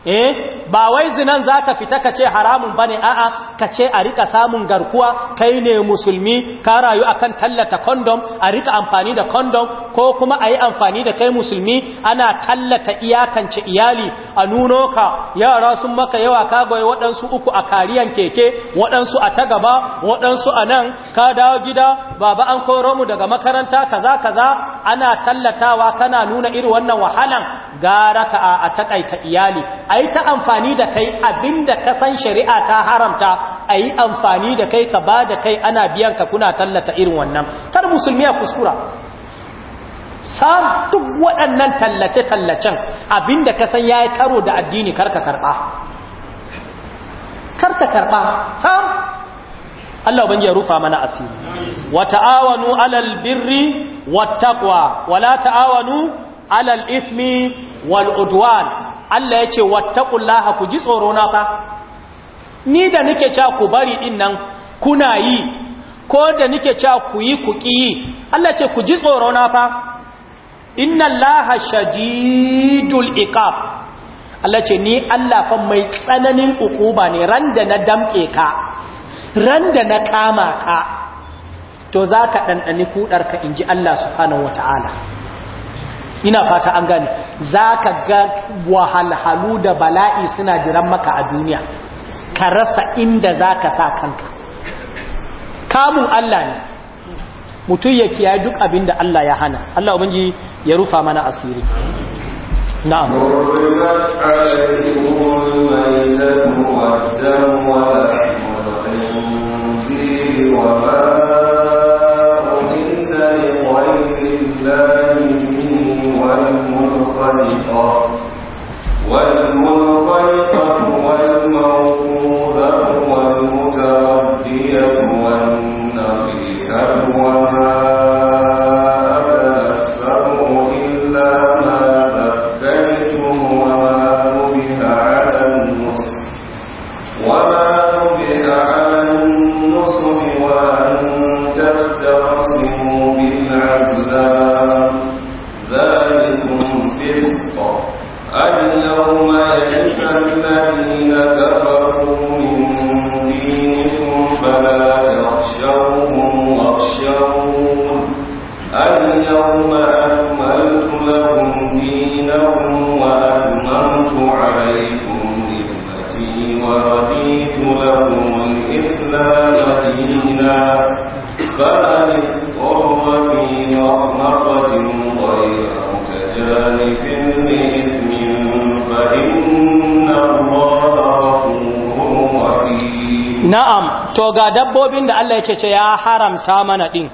Speaker 1: eh ba wai zinan za ka fita kace haramun ba ne? a'a ka ce a rika samun garkuwa kai ne musulmi ka rayu akan tallata condom a rika amfani da condom ko kuma a yi amfani da kai musulmi ana tallata iyakance iyali a nuno ka yara sun maka yawa ka goyi waɗansu uku a kariyan keke waɗansu a ta gaba waɗansu a nan ka dawo gida baba an koro mu daga makaranta kaza kaza ana tallatawa kana nuna irin wannan wahalan gara ka a takaita iyali a yi ta amfani da kai abinda ka san shari'a ta haramta a yi amfani da kai ka ba da kai ana biyan ka kuna tallata irin wannan kar musulmi a kuskura sam duk waɗannan tallace-tallacen abinda ka san ya yi karo da addini karka karɓa karka karɓa sam Allah ban ya rufa mana asiri wa ta'awanu alal birri watakwa wa la ta'awanu alal ismi wal udwan Allah ya ce wattaqullaha ku ji tsoro na fa ni da nike cewa ku bari din nan kuna yi ko da nike cewa ku yi ku ki yi Allah ce ku ji tsoro na fa inna Allaha shadidul iqab Allah ce ni Allah fa mai tsananin ukuba ne ran da na damke ka ran da na kama ka to za ka ɗanɗani kuɗarka in ji Allah subhanahu wa ta'ala ina fata an gane za ka ga wahalhalu da bala'i suna jiran maka a duniya ka rasa inda za ka sa kanka kamun Allah ne mutum ya kiyaye duk abin da Allah ya hana Allah ubangi ya rufa mana asiri na'am
Speaker 2: وما أهل والمنطلقة والمنطلقة والموت
Speaker 1: yake ce ya mana din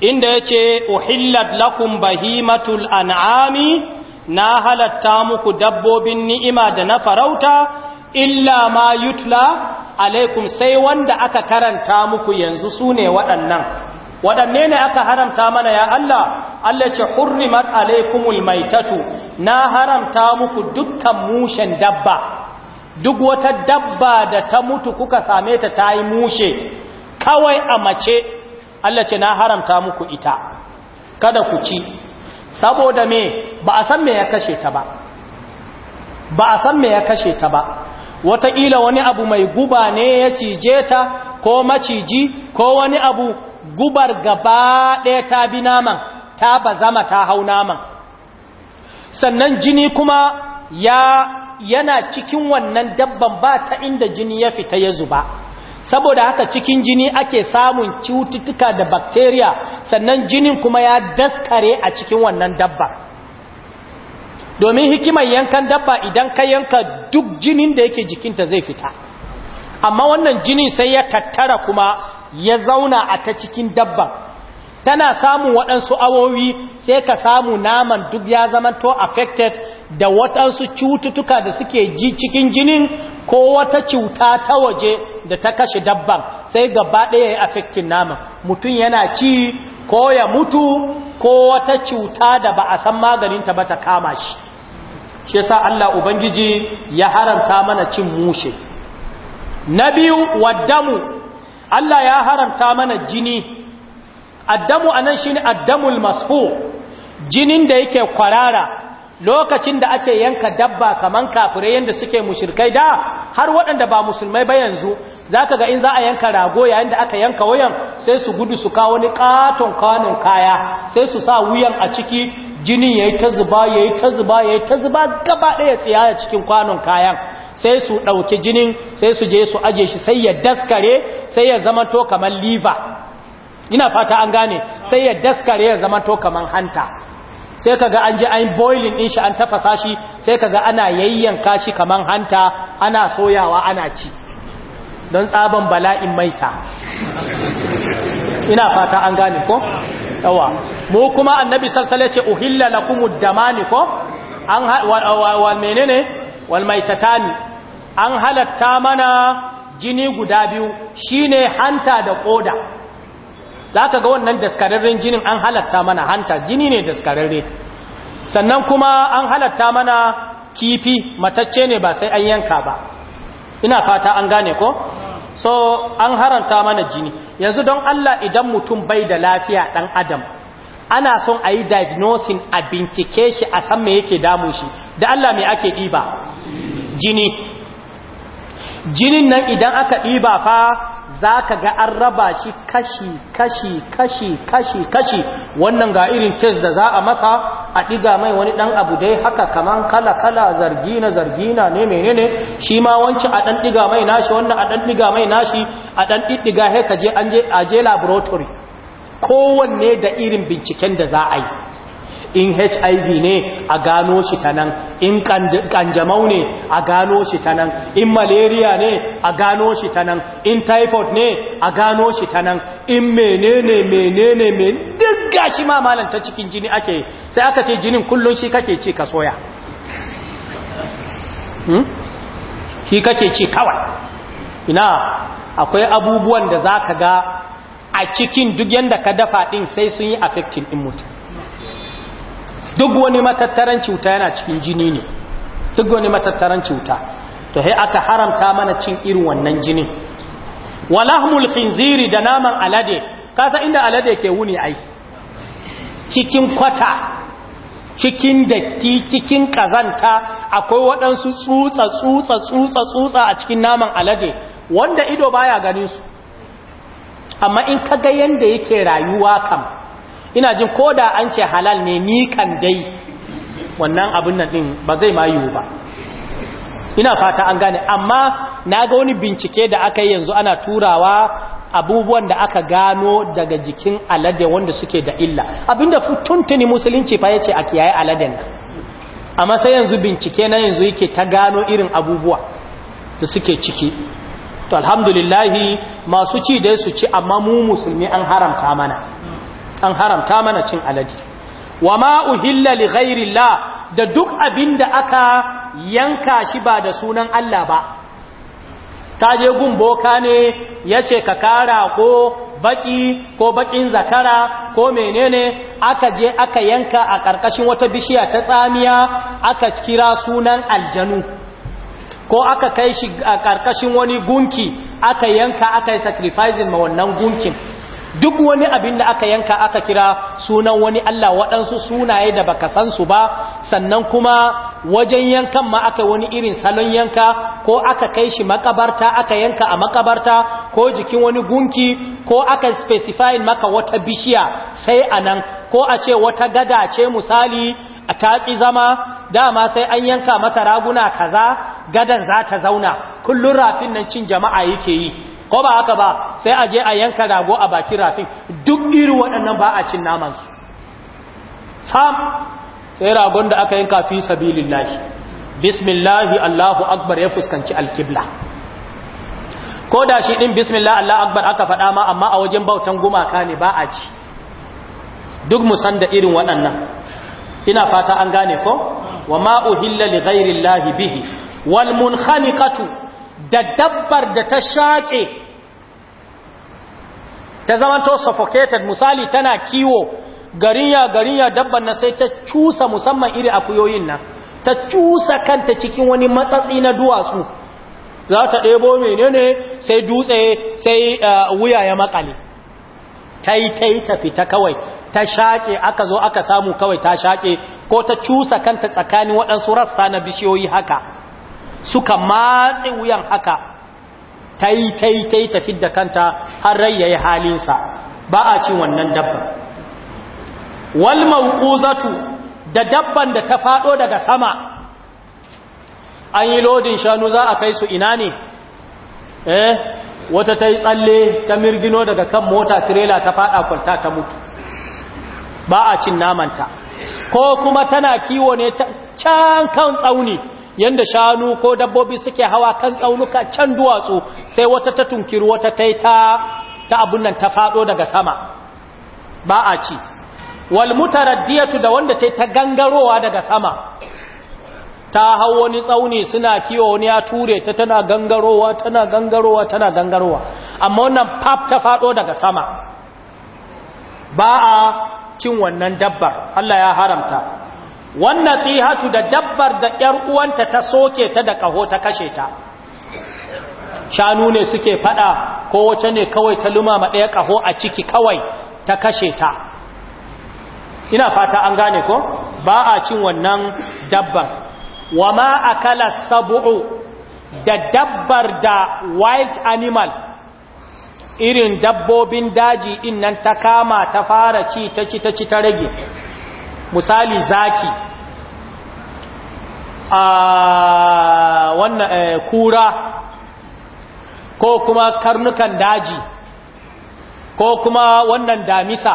Speaker 1: inda yake uhillat lakum bahimatul an'ami na halatta muku dabbobin ni'ima da na farauta illa ma yutla alaikum sai wanda aka karanta muku yanzu sune waɗannan waɗanne ne aka haramta mana ya Allah Allah ce hurrimat alaikumul maitatu na haramta muku dukkan mushen dabba duk wata dabba da ta mutu kuka same ta mushe kawai a mace Allah ce na haramta muku ita kada ku ci saboda me ba a san me ya kashe ta ba ba a san me ya kashe ta ba wataƙila wani abu mai guba ne ya cije ta ko maciji ko wani abu gubar gaba ɗaya ta bi naman ta ba zama ta hau naman sannan jini kuma ya yana cikin wannan dabban ba ta inda jini ya fita ya zuba saboda haka cikin jini ake samun cututtuka da bakteriya sannan jinin kuma ya daskare a cikin wannan dabba domin hikimar yankan dabba idan ka yanka duk jinin da yake jikinta zai fita amma wannan jinin sai ya tattara kuma ya zauna a ta cikin dabba tana samun waɗansu awowi sai ka samu naman duk ya zama to affected da waɗansu cututtuka da suke ji cikin jinin ko wata cuta ta waje da ta kashe dabban sai gaba ɗaya ya affectin nama mutum yana ci ko ya mutu ko wata cuta da ba a san maganin ta ba ta kama shi shi sa Allah Ubangiji ya haramta mana cin mushe na biyu waddamu Allah ya haramta mana jini addamu anan shine addamul masfu jinin da yake kwarara lokacin da ake yanka dabba kaman kafirai yanda suke mushirkai da har waɗanda ba musulmai ba yanzu za ka ga in za a yanka rago yayin da aka yanka wayan sai su gudu su kawo wani katon kwanon kaya sai su sa wuyan a ciki jinin ya yi ta zuba ya yi ta zuba ya yi ta zuba gaba ɗaya a cikin kwanon kayan sai su ɗauki jinin sai su je su aje shi sai ya daskare sai ya zamanto kamar liver ina fata an gane sai ya daskare ya zamanto kamar hanta sai kaga an je an boiling din shi an tafasa shi sai ka ga ana yayyanka shi kamar hanta ana soyawa ana ci don tsaban bala'in maita ina fata an gane ko yawa mu kuma annabi salsala ce uhilla lakumud damani ko an wa menene wal maitatani an halatta mana jini guda biyu shine hanta da koda zaka ga wannan daskararren jinin an halatta mana hanta jini ne daskararre sannan kuma an halatta mana kifi matacce ne ba sai an yanka ba ina fata an gane ko so an haranta mana jini yanzu don Allah idan mutum bai da lafiya dan adam ana son a yi diagnosing a bincike shi a san me yake damun shi da Allah me ake ɗiba jini jinin nan idan aka ɗiba fa za ka ga an raba shi kashi kashi kashi kashi kashi wannan ga irin kes da za a masa a ɗiga mai wani ɗan abu dai haka kaman kala-kala zargina zargina ne menene shi ma wancan a ɗan ɗiga mai nashi wannan a ɗan ɗiga mai nashi a ɗan ɗiɗɗiga haika je an je laboratory kowanne da irin binciken da za a yi in hiv ne a gano shi ta nan in kanjamau ne a gano shi ta nan in malaria ne a gano shi ta nan in typhoid ne a gano shi ta nan in menene menene menene duk gashi ma malanta cikin jini ake sai aka ce jinin kullum shi kake ce ka soya hmm? shi kake ce kawai ina akwai abubuwan da za ka ga a cikin duk yadda ka dafa din sai sun yi affecting in mutum duk wani matattaran cuta yana cikin jini ne duk wani matattaran cuta to sai aka haramta mana cin irin wannan jinin walahmul khinziri da naman alade kasa inda alade ke wuni ai cikin kwata cikin datti cikin kazanta akwai waɗansu tsutsa tsutsa tsutsa tsutsa a cikin naman alade wanda ido baya ganin su amma in ka ga yanda yake rayuwa kam ina jin ko da an ce halal ne ni kan dai wannan abin nan din ba zai ma yiwu ba ina fata an gane amma na ga wani bincike da aka yi yanzu ana turawa abubuwan da aka gano daga jikin alade wanda suke da illa abinda tuntuni musulunci fa yace a kiyaye aladen amma sai yanzu bincike na yanzu yake ta gano irin abubuwa da suke ciki to lillahi masu ci dai su ci amma mu musulmi an haramta mana an haramta mana cin alade wa ma uhilla li da duk abin da aka yanka shi ba da sunan Allah ba ta je gun boka ne yace ka kara ko baki ko bakin zakara ko menene aka je aka yanka a karkashin wata bishiya ta tsamiya aka kira sunan aljanu ko aka kai shi a ƙarƙashin wani gunki aka yanka aka yi sacrificing ma wannan gunkin duk wani abin da aka yanka aka kira sunan wani Allah waɗansu sunaye da baka san su ba sannan kuma wajen yankan ma aka wani irin salon yanka ko aka kai shi makabarta aka yanka a makabarta ko jikin wani gunki ko aka specifying maka wata bishiya sai anan ko a ce wata gada ce misali a taƙi zama dama sai an yanka mata raguna kaza gadan za ta zauna kullun rafin nan cin jama'a yake yi ko ba haka ba sai a je a yanka rago a baki rafin duk irin waɗannan ba a cin namansu sam sai ragon da aka yanka fi sabilillahi bismillahi allahu akbar ya fuskanci alkibla ko da shi ɗin bismillah allah akbar aka faɗa ma amma a wajen bautan gumaka ne ba a ci duk musan da irin waɗannan ina fata an gane ko wa u hilali ghairi bihi wal munkhaniqatu da dabbar da ta shaƙe ta zamanto suffocated misali tana kiwo gariya gariya dabban na sai ta cusa musamman iri akuyoyin nan ta cusa kanta cikin wani matsatsi na duwatsu za ta ɗebo menene sai dutse sai uh, wuya ya makale ta yi ta yi tafi ta kawai ta shaƙe aka zo aka samu kawai ta shaƙe ko ta cusa kanta tsakanin waɗansu rassa na bishiyoyi haka suka matsi wuyan haka ta yi ta yi ta yi kanta har rai ya yi halinsa ba a cin wannan dabban wal mawquzatu da dabban da ta faɗo daga sama an yi lodin shanu za a kai su ina ne eh wata ta yi tsalle ta mirgino daga kan mota tirela ta faɗa kwalta ta mutu ba a cin namanta ko kuma tana kiwo ne can kan tsauni yanda shanu ko dabbobi suke hawa kan tsaunuka can duwatsu sai wata ta tunkiri wata ta ta ta abun nan ta fado daga sama ba a ci wal mutaraddiyatu da wanda ta ta gangarowa daga sama ta hau wani tsauni suna kiwo wani ya ture ta tana gangarowa tana gangarowa tana gangarowa amma wannan pap ta fado daga sama ba a cin wannan dabbar Allah ya haramta wannan tsihatu da dabbar da ‘yar uwanta ta soke ta da kaho ta kashe ta shanu ne suke fada ko wace ne kawai ta lumama ɗaya kaho a ciki kawai ta kashe ta ina fata an gane ko ba a cin wannan dabbar. wa ma akala sabu'u da dabbar da wild animal irin dabbobin daji innan ta kama ta fara ci ta ci ta ci ta rage misali zaki a wannan eh, kura ko kuma karnukan daji ko kuma wannan damisa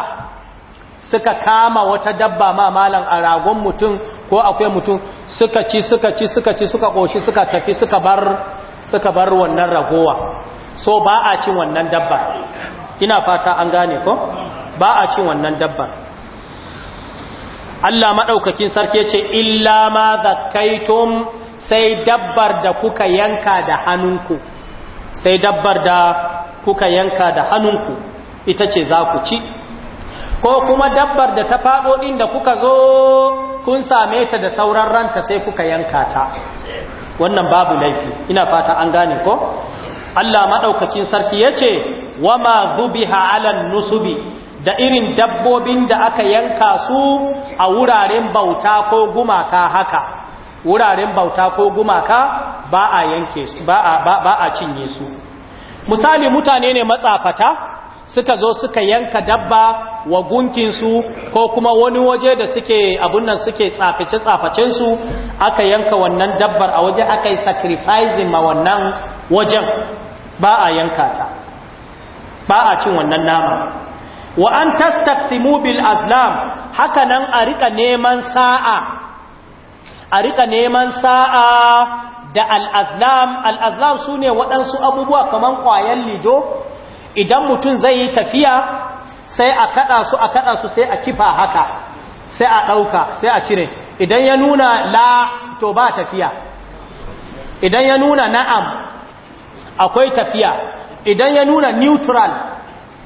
Speaker 1: suka kama wata dabba ma malan a ragon mutum ko akwai mutum suka ci suka ci suka ci suka koshi suka tafi suka bar suka bar wannan ragowa so ba a cin wannan dabba ina fata an gane ko ba a cin wannan dabba Allah maɗaukakin sarki ce illa ma zakaitum sai dabbar da kuka yanka da hannunku sai dabbar da kuka yanka da hannunku ita ce za ku ci ko kuma dabbar da ta faɗo inda da kuka zo kun same ta da sauran ranta sai kuka yanka ta wannan babu laifi ina fata an gane ko Allah maɗaukakin sarki ya ce wama zubiha alan nusubi da irin dabbobin da aka yanka su a wuraren bauta ko gumaka haka wuraren bauta ko gumaka ba a yanke su ba a, ba, ba a cinye su misali mutane ne matsafata suka zo suka yanka dabba wa gunkinsu ko kuma wani waje da suke nan suke tsaface su aka yanka wannan dabbar a waje aka yi sacrificing ma wannan wajen ba a yanka ta ba a cin wannan nama wa an tastaqsimu bil azlam haka nan a rika neman sa'a a rika neman sa'a da al azlam al azlam sune waɗansu abubuwa kaman kwayan lido idan mutum zai yi tafiya sai a kada su a kada su sai a kifa haka sai a ɗauka sai a cire idan ya nuna la to ba tafiya idan ya nuna na'am akwai tafiya idan ya nuna neutral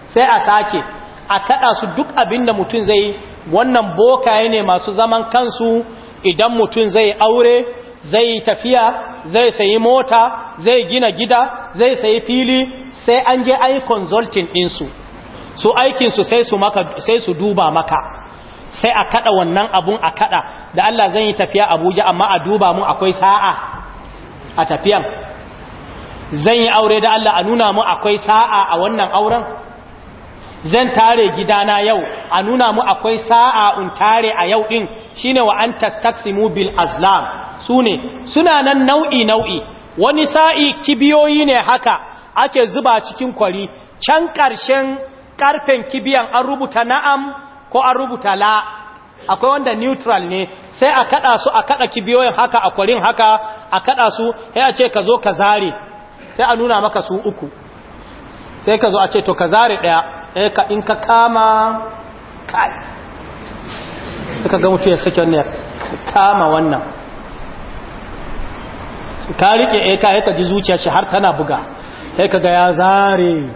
Speaker 1: sai a sake a kada su duk abin da mutum zai wannan bokaye ne masu zaman kansu idan mutum zai aure zai tafiya zai sayi mota zai gina gida zai sayi fili sai an je ai consulting ɗinsu su su aikin aikinsu sai su duba maka sai a kada wannan abun a kada da Allah zan yi tafiya Abuja amma a duba mu akwai sa'a a tafiyan zan yi aure da Allah a nuna mu akwai sa'a a wannan auren zan tare gidana yau a nuna mu akwai sa'a un tare a yau ɗin shine wa an mobil bil azlam su suna nan nau'i nau'i wani sa'i kibiyoyi ne haka ake zuba cikin kwari can ƙarshen ƙarfen kibiyan an rubuta na'am ko an rubuta la akwai wanda neutral ne sai a kada su a kada kibiyoyin haka a kwarin haka a kada su sai a ce ka zo ka zare sai a nuna maka su uku sai ka zo a ce to ka zare ɗaya Eka eh, ka in ka kama kai suka ga mutu ya sake wannan kama wannan ka rike eka eh, ya ka ji zuciya shi har tana buga sai ka ga ya zare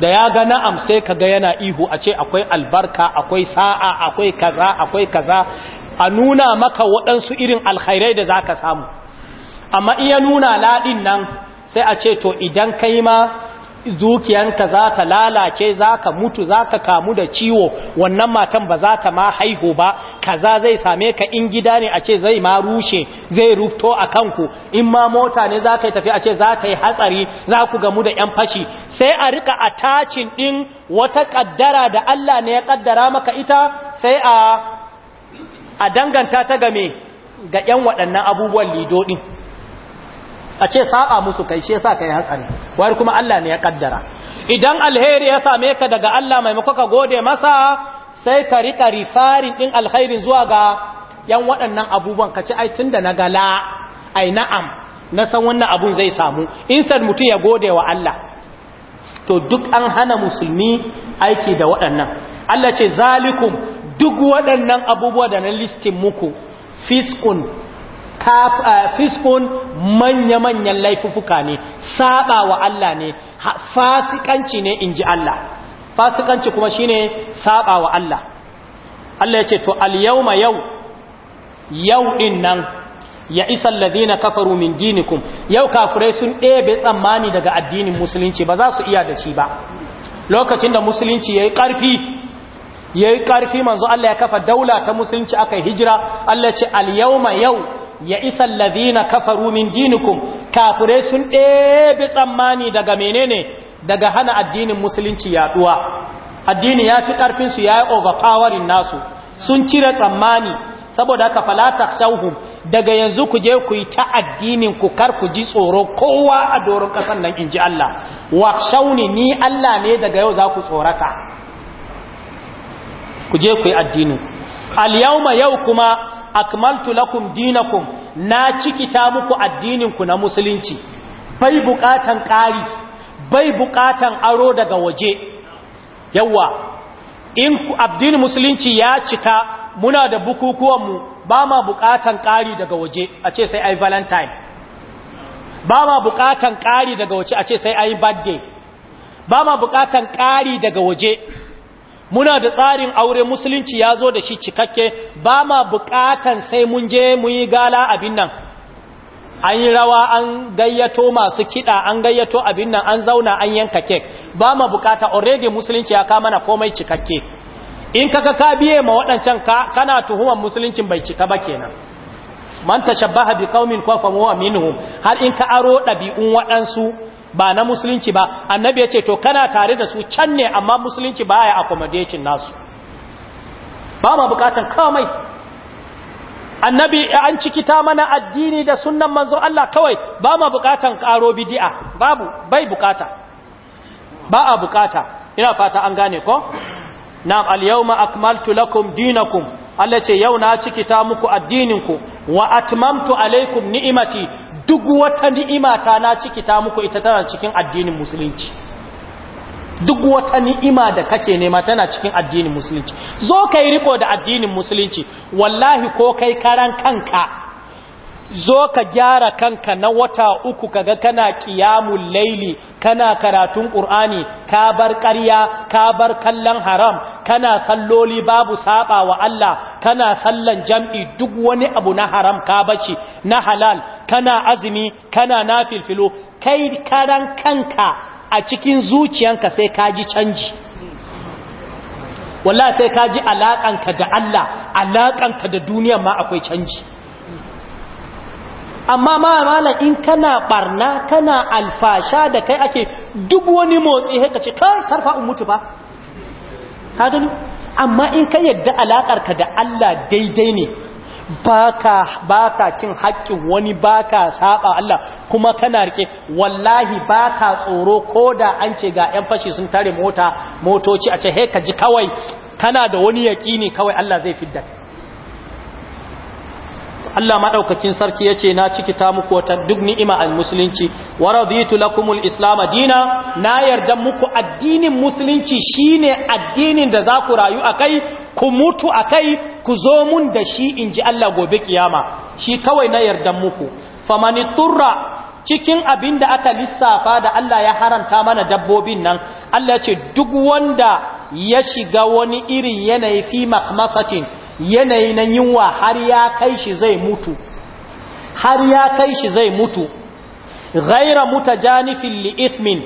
Speaker 1: da ya ga na'am sai ka ga yana ihu a ce akwai albarka akwai sa'a akwai kaza akwai kaza a nuna maka waɗansu irin alkhairai da za ka samu amma iya nuna laɗin nan sai a ce to idan kai ma dukiyanka za ta lalace za ka mutu za ka kamu da ciwo wannan matan ba za ta ma haihu ba kaza zai same ka in gida ne a ce zai ma rushe zai rufto a kanku in ma mota ne za ka yi tafi a ce za ta yi hatsari za ku gamu da 'yan fashi sai a rika a tacin ɗin wata ƙaddara da Allah ne ya ƙaddara maka ita sai a danganta ta game ga 'yan waɗannan abubuwan lido ɗin a ce sa'a musu kai shi yasa kai hatsari wai kuma Allah ne ya kaddara idan alheri ya same ka daga Allah maimako ka gode masa sai ka rika rifarin din alkhairin zuwa ga yan waɗannan abubuwan ka ci ai tunda na gala ai na'am na san wannan abun zai samu insan mutum ya gode wa Allah to duk an hana musulmi aiki da waɗannan Allah ce zalikum duk waɗannan abubuwa da na listin muku fiskun Eh, fiskun manya-manyan laifufuka ne saba wa Allah ne fasikanci ne in ji Allah fasikanci kuma shine saba wa Allah Allah ya ce to al ma yau yau in nan ya isa alladhina kafaru min dinikum yau kafurai sun ɗebe tsammani daga addinin musulunci ba za su iya da shi ba lokacin da musulunci ya yi ƙarfi ya yi ƙarfi manzo Allah ya kafa daula ta musulunci yi hijira Allah ya ce al ma yau ya isa allazina kafaru min dinikum kafirai sun ɗebe tsammani daga menene daga hana addinin musulunci yaduwa addini ya fi ƙarfinsu ya yi overpowering nasu sun cire tsammani saboda ka falata takhshawhum daga yanzu ku je ku yi ta addinin ku kar ku ji tsoro kowa a doron ƙasar nan in ji Allah Wa shauni ni Allah ne daga yau za ku tsorata ku je ku yi addinin al yau kuma akmaltu lakum dinakum na cikita muku addininku na musulunci bai bukatan ƙari bai bukatan aro daga waje yawa in addinin musulunci ya cika muna da bukukuwan mu ba ma bukatan ƙari daga waje a ce sai ai valentine ba ma bukatan ƙari daga waje a ce sai ai birthday ba ma bukatan ƙari daga waje muna da tsarin aure musulunci ya zo da shi cikakke ba ma bukatan sai mun je mun yi gala abin nan an yi rawa an gayyato masu kiɗa an gayyato abin nan an zauna an yanka kek ba ma bukata already musulunci ya kama na komai cikakke in kaka ka biye ma waɗancan ka kana tuhuman musuluncin bai cika ba kenan man tashabbaha bi qaumin minhum har in ka aro ɗabi'un waɗansu ba na musulunci ba annabi ya ce to kana tare da su can ne amma musulunci ba ya accommodation nasu ba ma bukatan kamai annabi an ciki ta mana addini da sunnan manzo Allah kawai ba ma bukatan karo bid'a babu bai bukata ba a bukata ina fata an gane ko na'am al-yawma akmaltu lakum dinakum Allah ce yau na cikita muku addininku wa atmamtu alaikum ni'imati duk wata ni'imata na cikita muku ita tana cikin addinin musulunci duk wata ni'ima da kake nema tana cikin addinin musulunci zo kai riko da addinin musulunci wallahi ko kai karan kanka zo ka gyara kanka na wata uku kaga kana ƙiyamun laili kana karatun ƙur'ani ka bar ƙarya ka bar kallon haram kana salloli babu saba wa Allah kana sallan jam'i duk wani abu na haram ka bace na halal kana azumi kana nafilfilo kai karan kanka a cikin zuciyanka sai ka ji canji wallahi sai ka ji alaƙanka da Allah alaƙanka da duniya ma akwai canji amma malam in kana barna kana alfasha da kai ake duk wani motsi haka ce kai karfa in mutu ba ka gani amma in ka yadda alakar ka da Allah daidai ne baka baka cin haƙƙin wani baka saba Allah kuma kana rike wallahi baka tsoro koda an ce ga ƴan fashi sun tare mota motoci a ce he ka ji kawai kana da wani yaƙini kawai Allah zai fidda Allah maɗaukakin sarki yace na cikita muku wata duk ni'ima al-musulunci wa raditu lakumul islam dina na yarda muku addinin musulunci shine addinin da za ku rayu akai ku mutu akai ku zo mun da shi inji Allah gobe kiyama shi kawai na yarda muku famaniturra cikin abin da aka lissafa da Allah ya haramta mana dabbobin nan Allah ce duk wanda ya shiga wani irin yanayi fi masatin. yanayi na yunwa har ya kai shi zai mutu har ya kai shi zai mutu ghaira mutajanifin li ithmin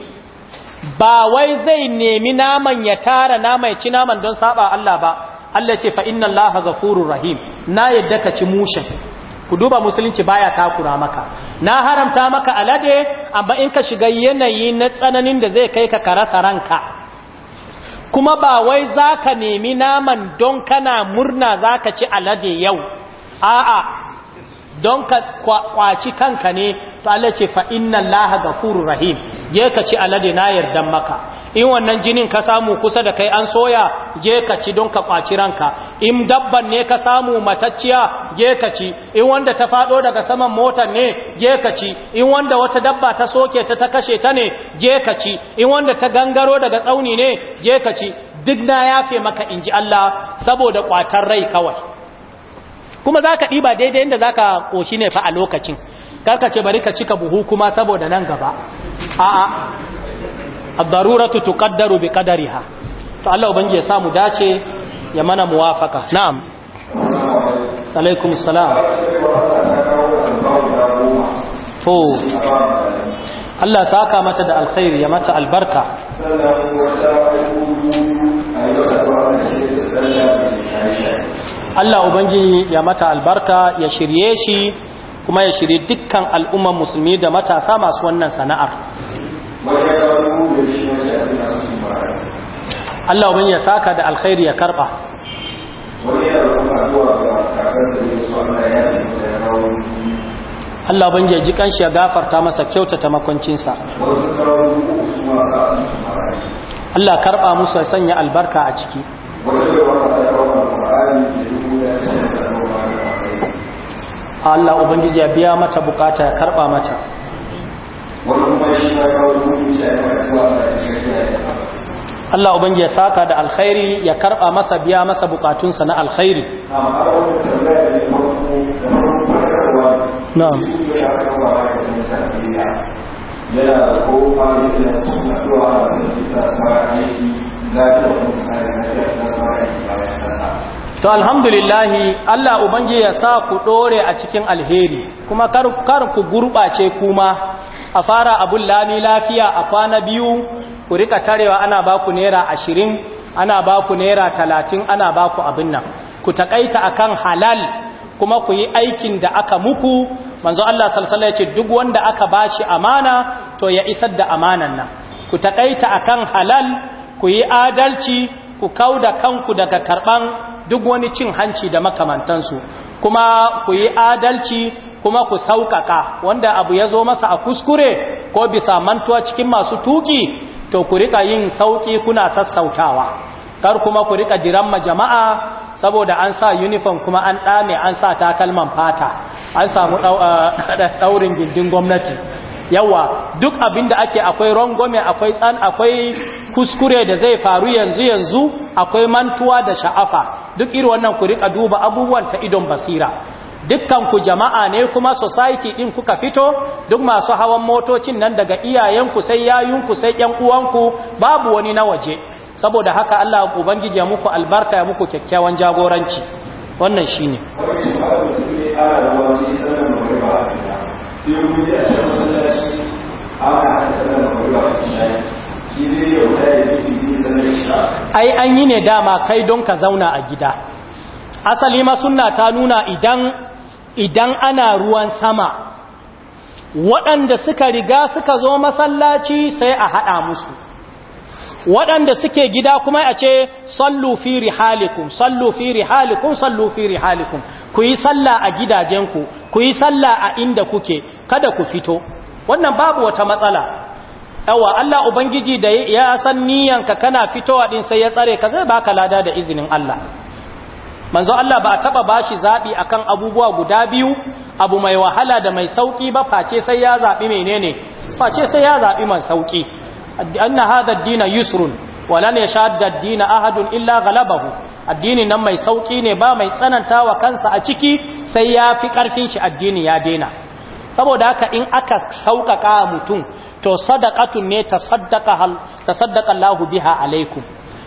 Speaker 1: ba wai zai nemi naman ya tara nama ya ci naman don saba Allah ba Allah ce fa inna Allah ghafurur rahim na yadda ka ci mushe. ku duba musulunci baya takura maka na haramta maka alade amma in ka shiga yanayi na tsananin da zai kai ka karasa ranka kuma ba wai za ka nemi naman don kana murna za ka ci alade yau a'a don ka kwaci kanka ne to Allah ce fa inna Allah gafurur rahim je ka ci alade na yardan maka in wannan jinin ka samu kusa da kai an soya je ka ci don ka kwaci ranka in dabban ne ka samu matacciya je ka ci in wanda ta fado daga saman motar ne je ka ci in wanda wata dabba ta soke ta ta kashe ta ne je ka ci in wanda ta gangaro daga tsauni ne je ka ci duk na yafe maka in ji Allah saboda kwatar rai kawai kuma za ka ɗiba daidai inda za ka ƙoshi ne fa a lokacin ce bari ka cika buhu kuma saboda nan gaba a'a ad-daruratu tuqaddaru bi to Allah ubangi ya samu dace ya mana muwafaka na'am alaikum salam to Allah saka mata da alkhairi ya mata albarka Allah ubangi ya mata albarka ya shirye shi kuma ya shiri dukkan al'umman musulmi da matasa masu wannan sana'ar Allah ubin ya saka da alkhairi ya karba Allah ubin ya ji kanshi ya gafarta masa kyautata makoncinsa Allah karba musu sanya albarka a ciki Allah ubangiji ya biya mata bukata ya karba mata Allah ubangiji ya saka da alkhairi ya karba masa biya masa bukatunsa na alkhairi
Speaker 2: na'am da da
Speaker 1: to alhamdulillahi Allah ubangi ya sa ku dore a cikin alheri kuma kar kar ku gurbace kuma a fara abun lami lafiya a kwana biyu ku rika tarewa ana ba ku naira ashirin, ana ba ku naira talatin, ana ba ku abin nan ku takaita akan halal kuma ku yi aikin da aka muku manzo Allah sallallahu alaihi wasallam duk wanda aka bashi amana to ya isar da amanan nan ku takaita akan halal ku yi adalci ku kau da kanku daga karban duk wani cin hanci da makamantansu kuma ku yi adalci kuma ku sauƙaƙa wanda abu ya zo masa a kuskure ko bisa mantuwa cikin masu tuki to ku rika yin sauƙi kuna sassautawa kar kuma ku rika jiran jama'a saboda an sa uniform kuma an ɗame an sa takalman fata an samu daurin gindin gwamnati yawa duk abin da ake akwai rangwame akwai tsan akwai kuskure da zai faru yanzu yanzu akwai mantuwa da sha'afa duk irin wannan ku rika duba abubuwan ta idon basira dukkan ku jama'a ne kuma society din kuka fito duk masu hawan motocin nan daga iyayenku sai yayunku sai yan uwanku babu wani na waje saboda haka Allah ubangiji ya muku albarka ya muku kyakkyawan jagoranci wannan shine
Speaker 2: sai
Speaker 1: ai an yi ne dama kai don ka zauna a gida asali ma suna ta nuna idan idan ana ruwan sama waɗanda suka riga suka zo masallaci sai a haɗa musu waɗanda suke gida kuma a ce sallu fi rihalikum sallu fi rihalikum sallu fi rihalikum ku yi sallah a gidajenku ku yi sallah a inda kuke kada ku fito wannan babu wata matsala yawa Allah ubangiji da ya san niyanka kana fitowa din sai ya tsare ka zai baka lada da izinin Allah manzo Allah ba a taba bashi zabi akan abubuwa guda biyu abu mai wahala da mai sauki ba face sai ya zabi menene face sai ya zabi man sauki anna hadha ad-din yusrun wa lan yashadda ad-din ahadun illa ghalabahu addini nan mai sauki ne ba mai tsananta wa kansa a ciki sai ya fi ƙarfin shi addini ya daina saboda haka in aka sauƙaƙa mutum to sadaqatun ne ta saddaka Allahu biha alaikum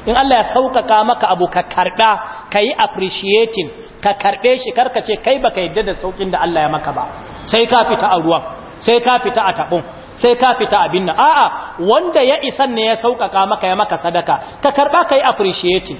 Speaker 1: in Allah ya sauƙaƙa maka abu ka karɓa ka yi appreciating ka karɓe shi karka ce kai baka yadda da sauƙin da Allah ya maka ba sai ka fita a ruwan sai ka fita a taɓon sai ka fita abin nan a'a wanda ya isan ne ya sauƙaƙa maka ya maka sadaka ka karɓa ka yi appreciating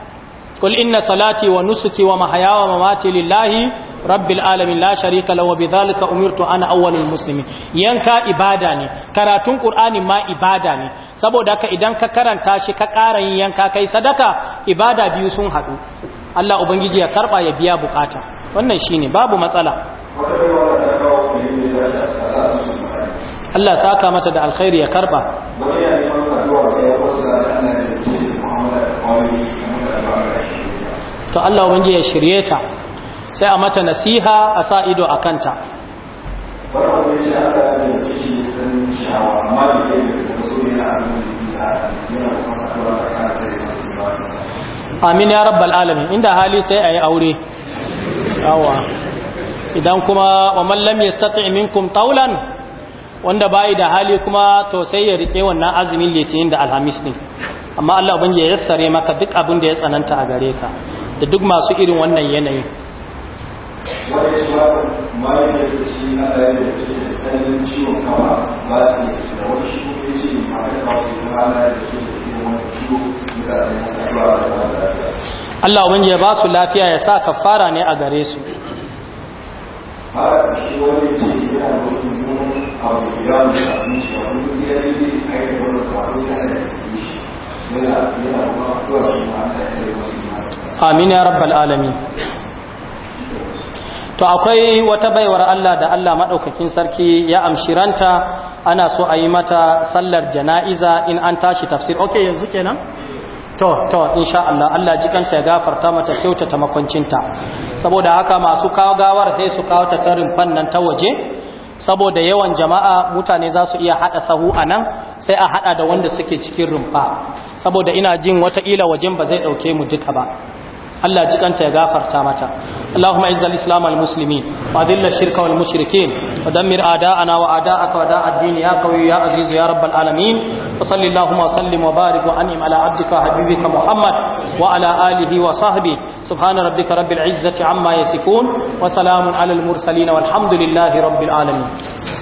Speaker 1: قل إن صلاتي ونسكي ومحيا ومماتي لله رب العالمين لا شريك له وبذلك أمرت أنا أول المسلمين ينكا إبادة ني كراتون قرآن ما إبادة ني سبو داك إدان ككران تاشي ككارن ينكا كي صدقا إبادة بيوسون هدو الله أبنجي يا كربا يبيا بقاتا wannan shine babu matsala Allah saka mata da alkhairi ya karba
Speaker 2: wani ya neman addu'a da ya wasa
Speaker 1: to Allah ubangiji ya shirye ta sai a mata nasiha a sa ido a kanta amin ya rabbal alamin inda hali sai a yi aure idan kuma wa mallam ya stati minkum taulan wanda bayi da hali kuma to sai ya rike wannan azumin litinin da alhamis ne amma Allah ubangiji ya yassare maka duk abin da ya tsananta a gare ka da duk masu irin wannan yanayin Allah wani ya ba su lafiya ya sa kafara ne a gare su.
Speaker 2: yana
Speaker 1: amin ya rabbal alami to akwai wata baiwar Allah da Allah madaukakin sarki ya amshi ranta ana so a yi mata sallar jana'iza in an tashi tafsir okay yanzu kenan to to insha Allah Allah jikanta ya gafarta mata kyautata makwancinta saboda haka masu kawo gawar sai su kawo ta tarin fannan ta waje saboda yawan jama'a mutane za su iya hada sahu a nan sai a hada da wanda suke cikin rumfa saboda ina jin wata ila wajen ba zai ɗauke mu duka ba Allah jikanta ya gafarta mata allahuma izzal islam al muslimin wa dhill al shirka wal mushrikeen wa dammir a wa a'da'aka wa da'a ad ya qawi ya aziz ya rabb al alamin wa salli allahumma wa barik wa an'im ala 'abdika habibika muhammad wa ala alihi wa sahbihi subhana rabbika rabbil 'izzati 'amma yasifun wa salamun 'alal mursalin walhamdulillahi rabbil alamin